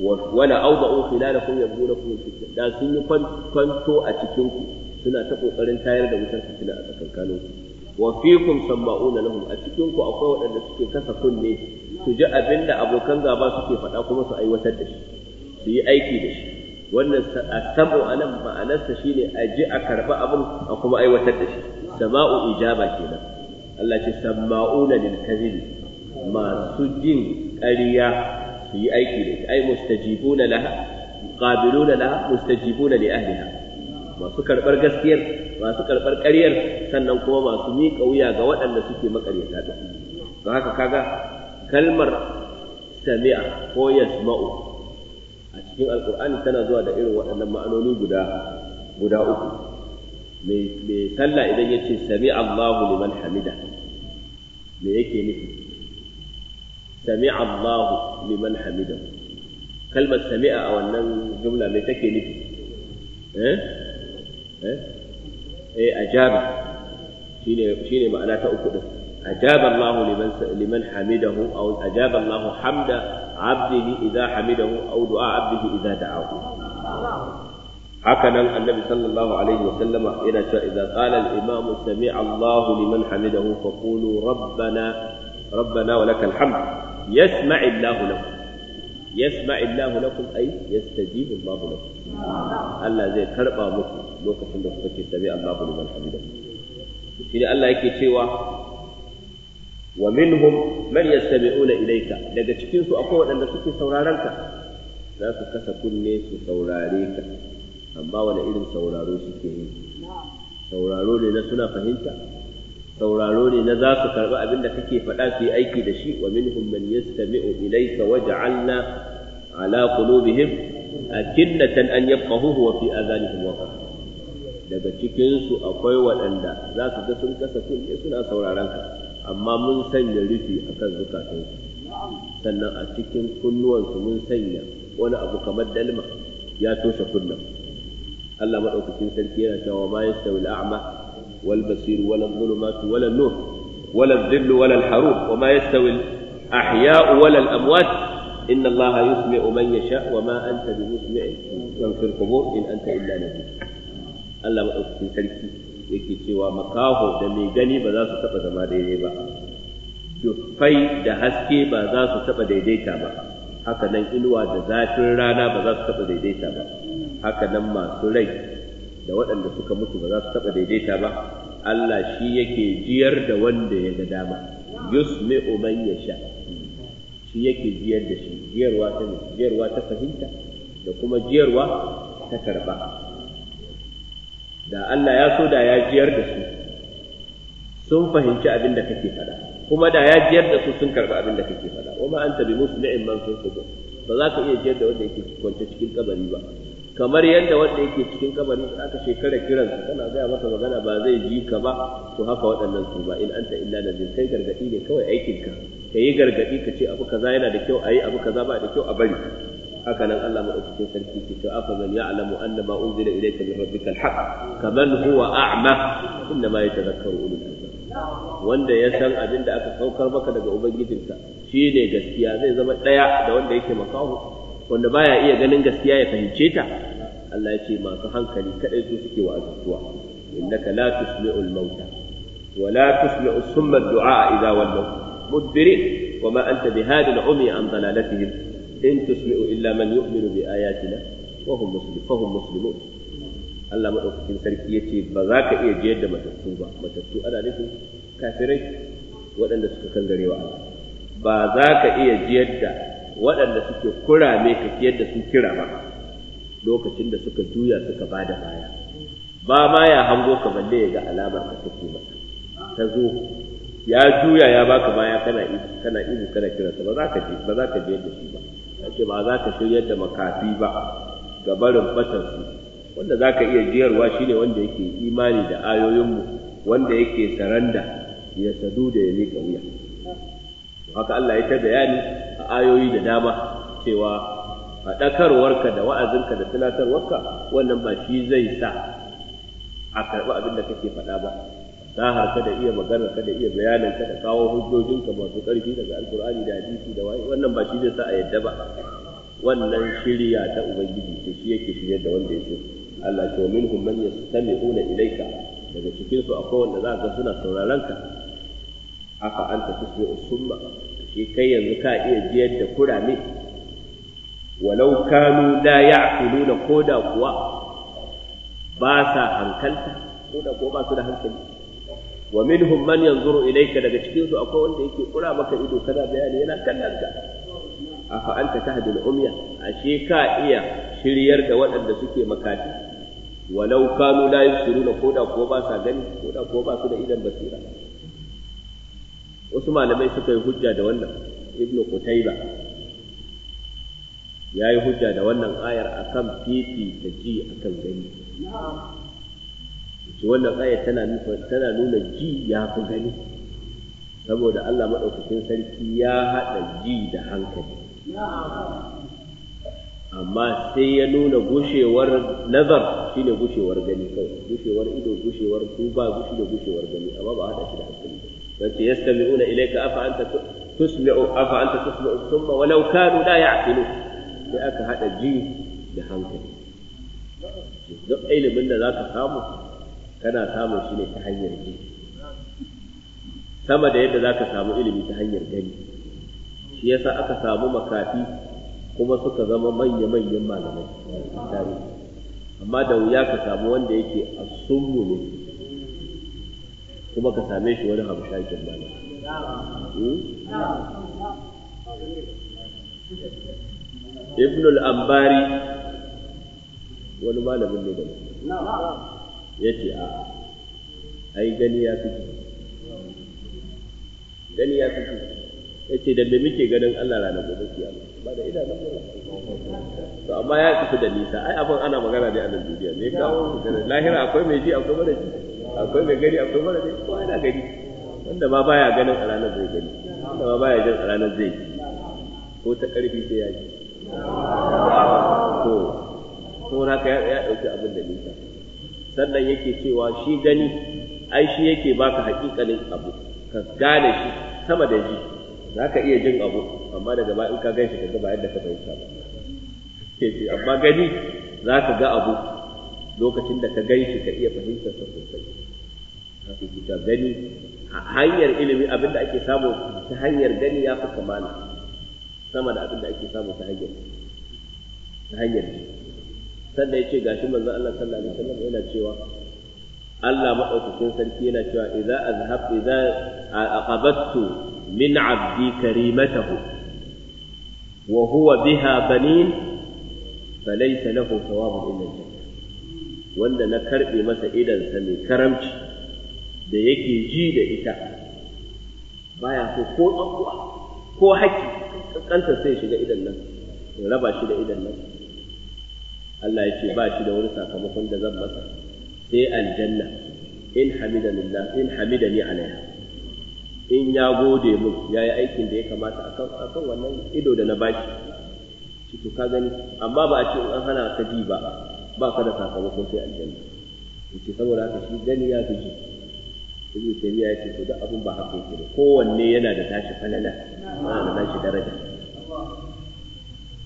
Speaker 1: wala awda'u khilalakum yabghunakum fitna da sun yi kwanto a cikin suna ta kokarin tayar da wutar fitina a tsakankanin ku wa fikum sama'una lahum a cikinku akwai waɗanda suke kasa kunne su ji abin abokan gaba suke faɗa kuma su aiwatar da shi su yi aiki da shi wannan asabu anan ma'anarsa shine a ji a karɓi abin a kuma aiwatar da shi sama'u ijaba kenan Allah ce sama'una lil kadhib masu jin ƙarya su yi aiki da ita ai mustajibuna laha qabiluna laha mustajibuna li ahliha masu karbar gaskiyar masu karbar ƙaryar sannan kuma masu miƙa wuya ga waɗanda suke makaryata da don haka kaga kalmar sami'a ko yasma'u a cikin alqur'ani tana zuwa da irin waɗannan ma'anoni guda guda uku mai sallah idan ya ce sami Allahu liman hamida me yake nufi sami'a Allahu liman hamidahu kalmar sami'a a jumla mai take nufi eh eh ajaba shine shine ma'ana ta uku din ajaba Allahu liman liman hamidahu aw ajaba Allahu hamda abdihi idza hamidahu aw du'a abdihi idza da'ahu haka nan annabi sallallahu alaihi wa sallama yana cewa idza qala imam sami'a Allahu liman hamidahu fa rabbana wa yasma Allahu lakum yasma Allahu lakum ay yastajibu Allahu lakum Allah zai karba muku lokacin da kuka ce sami Allahu liman hamida shi ne Allah yake cewa wa minhum man yastami'una ilayka daga cikin su akwai waɗanda suke sauraron ka za su kasa kunne su saurare ka amma wani irin sauraro suke yi sauraro ne na suna fahimta sauraro ne na za su karɓi abin da kake faɗa su yi aiki da shi wa minhum man yastami'u ilayka waj'alna ala qulubihim akinnatan an yafqahuhu wa fi adhanihim waqa daga cikin su akwai waɗanda za ka ga sun kasa kunne suna sauraron ka amma mun sanya rufi akan su, sannan a cikin kunnuwansu mun sanya wani abu kamar dalma ya toshe kunnan Allah madaukakin sarki yana cewa ma yastawi al-a'ma wal basir wala dhulumat wala nur wala dhillu wala al harub wa ma yastawi al ahya amwat inna allaha yusmi'u man yasha wa ma anta bi musmi'in man fil qubur in anta illa nadhir Allah madaukakin sarki yake cewa makaho da mai gani ba za su taba zama daidai ba Tuffai da haske ba za su taba daidaita ba haka nan inuwa da zafin rana ba za su taba daidaita ba haka nan masu rai da waɗanda suka mutu ba za su taɓa daidaita ba Allah shi yake jiyar da wanda ya ga dama yusmi'u man yasha shi yake jiyar da shi jiyarwa ta jiyarwa ta fahimta da kuma jiyarwa ta karba da Allah ya so da ya jiyar da su sun fahimci abin da kake faɗa kuma da ya jiyar da su sun karba abin da kake faɗa wa ma anta bi musli'in man fi qubur ba za ka iya jiyar da wanda yake kwance cikin kabari ba kamar yadda wanda yake cikin kabarin da aka shekara kiran su kana gaya masa magana ba zai ji ka ba to haka waɗannan su ba in anta illa nazir kai gargadi ne kawai aikin ka ka yi gargadi ka ce abu kaza yana da kyau a yi abu kaza ba da kyau a bari haka nan Allah madaukakin sarki ke cewa afa man ya'lamu anna ma unzila ilayka min rabbika alhaq kaman huwa a'ma inna ma yatadhakkaru ulul albab wanda ya san abin da aka saukar maka daga ubangijinka shine gaskiya zai zama daya da wanda yake makaho wanda baya iya ganin gaskiya ya fahimce ta Allah ya ce masu hankali kadai su suke wa azuwa innaka la tusmi'ul mauta wa la tusmi'us summa du'a idza wallu mudbirin wa ma anta bihadi al-umi an dalalatihim in tusmi'u illa man yu'minu bi ayatina wa hum muslimun fa hum muslimun Allah madaukakin sarki yace ba za ka iya jiyar da matattu ba matattu ana nufin kafirai waɗanda suka kangarewa Allah ba za ka iya jiyar da waɗanda suke kurame ka yadda da su kira ba lokacin da suka juya suka ba da baya ba ma ya hango ka balle ya ga alamar ka take masa ta zo ya juya ya baka baya kana kana ihu kana kira ba za ka je ba za ka je da shi ba kace ba za ka shiryar da makafi ba ga barin fatan wanda za ka iya jiyarwa shine wanda yake imani da ayoyinmu wanda yake saranda ya sadu da ya miƙa wuya haka Allah ya ta bayani ayoyi da dama cewa faɗakarwarka da wa'azinka da tunatarwarka wannan ba shi zai sa a karɓi abin da kake faɗa ba ta harka da iya magana ka da iya bayanin ka da kawo hujjojinka masu ƙarfi daga alkur'ani da hadisi da wai wannan ba shi zai sa a yadda ba wannan shirya ta ubangiji ce shi yake shiryar da wanda yake Allah ce wa minhum man yastami'una ilayka daga cikin su akwai wanda za ga suna sauraron ka aka anta tusmi'u summa shi kai yanzu ka iya jiyar da kurame walau kanu la ko koda kuwa ba sa hankalta koda kuwa ba su da hankali wa minhum man yanzuru ilayka daga cikin su akwai wanda yake kura maka ido kana bayani yana kallon ka afa anta tahdi al-umya ashe ka iya shiryar da waɗanda suke makati walau kanu la ko koda kuwa ba sa gani koda kuwa ba su da idan basira wasu malamai suka yi hujja da wannan ibnu qutayba ya yi hujja da wannan ayar akan fifi da ji akan gani shi wannan ayar tana nuna ji ya fi gani saboda Allah maɗaukakin sarki ya haɗa ji da hankali amma sai ya nuna gushewar nazar shine gushewar gani kawai gushewar ido gushewar duba gushi da gushewar gani amma ba haɗa shi da hankali يستمعون إليك أفأنت تسمع أفأنت تسمع ثم ولو كانوا لا يعقلون لأك هذا جي بحنك duk ilimin da za ka samu kana samun shi ne ta hanyar ji sama da yadda za ka samu ilimi ta hanyar gani shi yasa aka samu makafi kuma suka zama manya-manyan malamai amma da wuya ka samu wanda yake asummu ne kuma ka same shi wani abu shakin ba
Speaker 3: hmm?
Speaker 1: ibn al-ambari wani malamin ne da ya ce a ai gani ya fi gani ya fi ya ce da me muke ganin Allah ranar gobe kiyama ba da idanun to amma ya tafi da nisa ai abin ana magana ne a nan duniya me kawo lahira akwai mai ji akwai mara ji akwai mai gani akwai mara gani kowa yana gani wanda ma baya ganin a ranar zai gani wanda ma baya jin a ranar zai yi ko ta karfi sai ya ji to ko ka ya dauki abin da nisa sannan yake cewa shi gani ai shi yake baka hakikanin abu ka gane shi sama da ji za ka iya jin abu amma daga ba in ka gan shi ka ba yadda ka fahimta ba amma gani za ka ga abu lokacin da ka gan shi ka iya fahimtar sa sosai sai kita gani hanyar ilimi abinda ake samu ta hanyar gani ya fi kamala sama da abin ake samu ta hanyar ta hanyar sannan ya ce gashi manzon Allah sallallahu alaihi wasallam yana cewa Allah madaukakin sarki yana cewa idza azhab idza aqabattu min abdi karimatahu wa huwa biha banin falaysa lahu thawabun illa al wanda na karbe masa idan sa mai karamci da yake ji da ita baya ko ko tsakuwa ko haƙƙi kanta sai shiga idan nan in raba shi da idan nan Allah ya ce ba shi da wani sakamakon da zan masa sai aljanna in hamida lillah in hamida ni alaiha in ya gode mun. ya yi aikin da ya kamata akan akan wannan ido da na bashi shi to ka gani amma ba a ce in an hana ka ji ba ba ka da sakamakon sai aljanna yace saboda haka shi gani ya fi ji ibn taymiya yace to duk abin ba haka yake ba kowanne yana da tashi falala yana da tashi daraja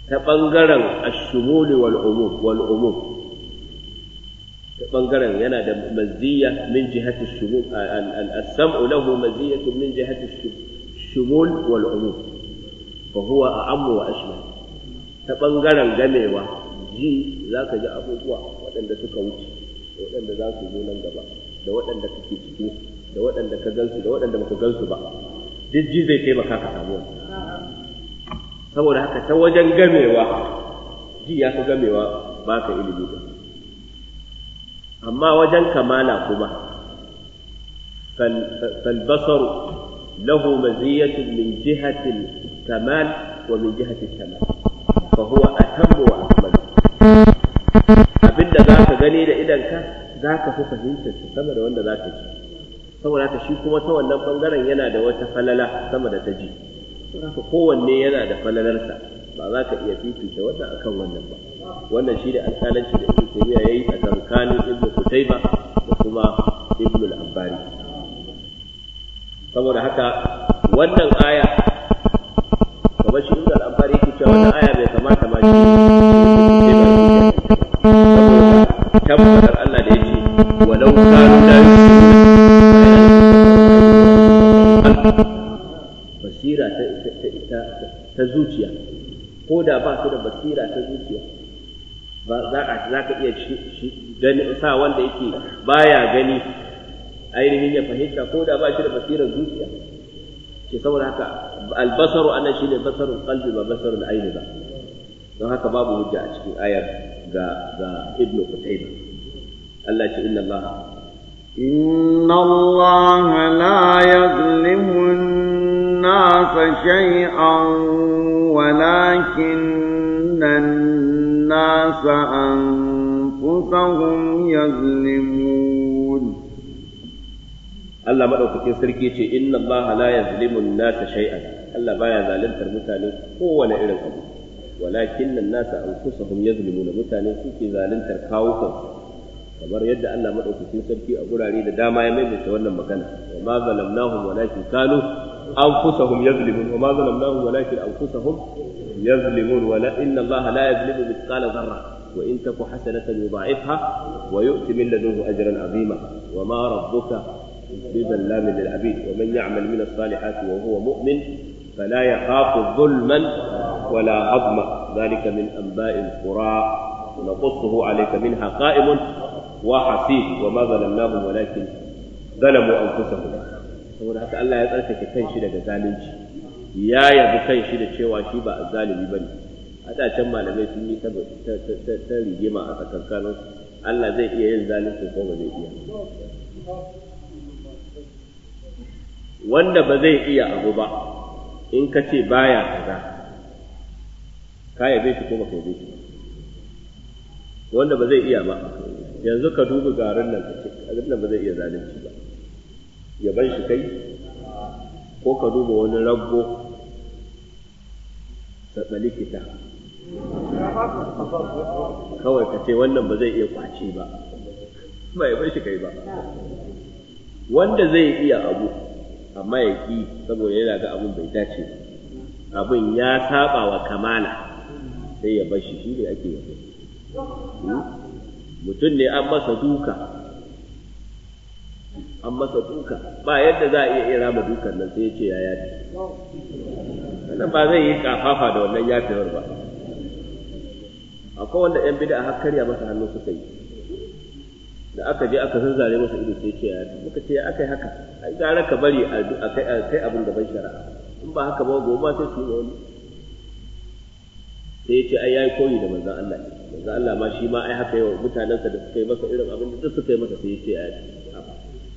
Speaker 1: ta bangaren ash-shumul wal umum wal umum ta bangaren yana da maziyya min jihati ash-shumul al-sam'u lahu maziyatun min jihati ash-shumul wal umum fa huwa a'ammu wa ashmal ta bangaren gamewa ji zaka ji abubuwa waɗanda suka wuce waɗanda za su zo nan gaba da waɗanda kake cikin da waɗanda ka gansu da waɗanda baka gansu ba duk ji zai taimaka ka samu saboda haka ta wajen gamewa ji ya fi gamewa ba ka ilimi ba. amma wajen kamala kuma فالبصر له مزية من جهة الكمال ومن جهة التمام فهو أتم وأكمل abinda za ka gani da idanka za ka fi fahimtar sama da wanda za ka saboda haka shi kuma ta wannan bangaren yana da wata falala sama da ta ji haka kowanne yana da falalarsa ba za ka iya fifita wannan akan wannan ba wannan shi da alƙalanci da ibnu ya yi a tsakanin ibnu kutayba da kuma ibnu al-abbari saboda haka wannan aya kamar shi ibnu al-abbari cewa wannan aya bai kamata ma shi ta zuciya ko da ba su da basira ta zuciya ba za ka iya gani sa wanda yake baya gani ainihin ya fahimta ko da ba shi da basirar zuciya ke saboda haka albasaru anan shine basarul qalbi ba basarul aini ba don haka babu hujja a cikin ayar ga ga ibn qutayba Allah ce inna Allah
Speaker 2: inna Allah la yuzlimu الناس شيئا ولكن الناس أنفسهم يظلمون الله ما أوكي سركي إن الله
Speaker 1: لا يظلم الناس شيئا الله بايا ظالم ترمتاني هو لا إلى الأمر ولكن الناس أنفسهم يظلمون متاني إذا ظالم تركاوكم kamar yadda Allah madaukakin sarki a gurare da dama ya maimaita wannan magana wa ma zalamnahum walakin kanu أنفسهم يظلمون وما ظلمناهم ولكن أنفسهم يظلمون ولا إن الله لا يظلم مثقال ذرة وإن تك حسنة يضاعفها ويؤتي من لدنه أجرا عظيما وما ربك بظلام للعبيد ومن يعمل من الصالحات وهو مؤمن فلا يخاف ظلما ولا هضما ذلك من أنباء القرى نقصه عليك منها قائم وحسيب وما ظلمناهم ولكن ظلموا أنفسهم saboda haka Allah ya tsarkake kanshi daga zalunci ya yabi kanshi da cewa shi ba azzalimi bane a da can malamai sun yi ta rigima a tsakankanin Allah zai iya yin zalunci ko ba zai iya wanda ba zai iya abu ba in ka ce baya kaza ka yabe shi ko baka yabe shi wanda ba zai iya ba yanzu ka dubi garin nan ka ce garin nan ba zai iya zalunci ba ya bar shi kai ko ka duba wani rago tsatsa likita kawai ka ce wannan ba zai iya kwace ba ba ya bar shi kai ba wanda zai iya abu amma ya ƙi saboda yana ga abin bai dace abin ya saba wa kamala sai ya bar shi shi ne ake yabo hmm? mutum ne an masa duka an masa duka ba yadda za a iya iya rama dukan nan sai ya ce ya yafi
Speaker 3: wannan ba zai yi kafafa da wannan yafewar ba
Speaker 1: akwai wanda yan bid'a har karya masa hannu suka yi da aka je aka zanzare masa ido sai ce ya muka ce ya akai haka ai gara ka bari a kai abin da ban shari'a in ba haka ba goma sai su yi wani sai ya ce ai yayi koyi da manzon Allah manzon Allah ma shi ma ai haka yawa mutanensa da suka yi masa irin abin da duk suka yi masa sai ya ce ya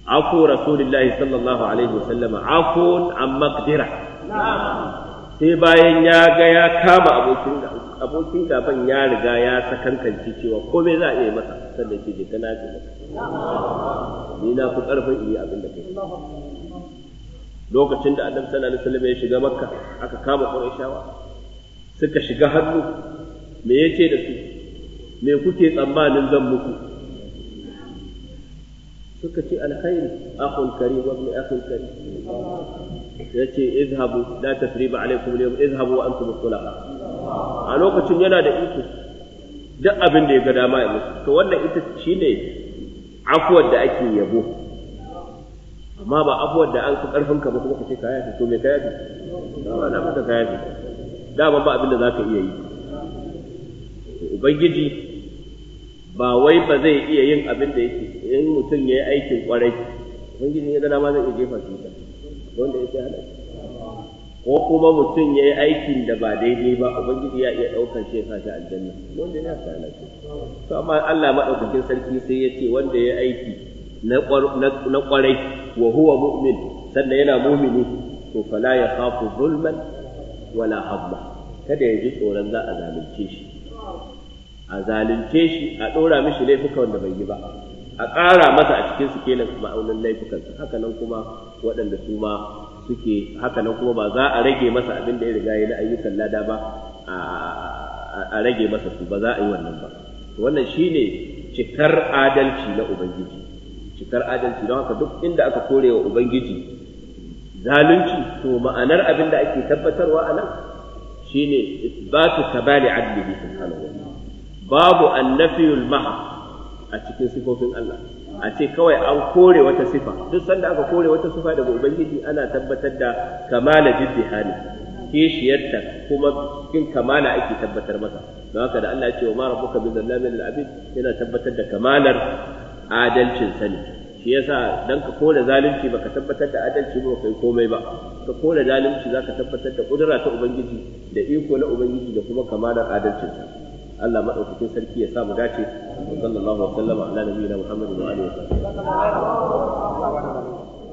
Speaker 1: afu rasulillahi sallallahu alaihi wasallama afun an maqdira sai bayan ya ga ya kama abokin abokin gaban ya riga ya sakankanci cewa me za a iya masa sannan ce je kana ga ni na fi karfin iya abin da kai lokacin da annabi sallallahu alaihi wasallam ya shiga makka aka kama qurayshawa suka shiga hannu me yake da su me kuke tsammanin zan muku suka ce alkhairi akhul karim wa ibn akhul karim yace izhabu la tasriba alaykum al-yawm izhabu wa antum khulafa a lokacin yana da iko duk abin da ya ga dama ya musu to wannan ita shine afuwar da ake yabo amma ba afuwar da an fi karfin ka ba kuma ka ce kaya ta to me kaya ta ba na ka kaya ta dama ba abin da zaka iya yi ubangiji ba wai ba zai iya yin abin da yake in mutum ya yi aikin kwarai ubangiji ya ga dama zai iya jefa shi ta wanda yake hada ko kuma mutum ya yi aikin da ba daidai ba ubangiji ya iya daukar shi ya sa shi aljanna wanda ya sa na shi to amma Allah madaukakin sarki sai ya ce wanda ya yi aiki na kwarai wa huwa mu'min sannan yana mu'mini to fala ya khafu zulman wala hamma. kada ya ji tsoron za a zalunce shi a zalunce shi a ɗora mishi laifuka wanda bai yi ba a ƙara masa a cikin su kenan ma'aunin laifukansa haka nan kuma waɗanda su ma suke haka nan kuma ba za a rage masa abin da ya riga ya na ayyukan lada ba a rage masa su ba za a yi wannan ba wannan shine cikar adalci na ubangiji cikar adalci don haka duk inda aka kore wa ubangiji zalunci to ma'anar abin da ake tabbatarwa a nan shine isbatu kamali adlihi subhanahu wa ta'ala babu annafiyul maha a cikin sifofin Allah a ce kawai an kore wata sifa duk sanda aka kore wata sifa daga ubangiji ana tabbatar da kamala jiddihani kishiyarta kuma cikin kamala ake tabbatar masa don haka da Allah ya ce wa ma rabbuka bi zallamin lil abid yana tabbatar da kamalar adalcin sani shi yasa dan ka kore zalunci baka tabbatar da adalci ba kai komai ba ka kore zalunci zaka tabbatar da kudura ta ubangiji da iko na ubangiji da kuma kamalar adalcinsa Allah madaukakin sarki ya samu dace sallallahu alaihi wa sallama ala nabiyina Muhammadin wa alihi wa
Speaker 2: sahbihi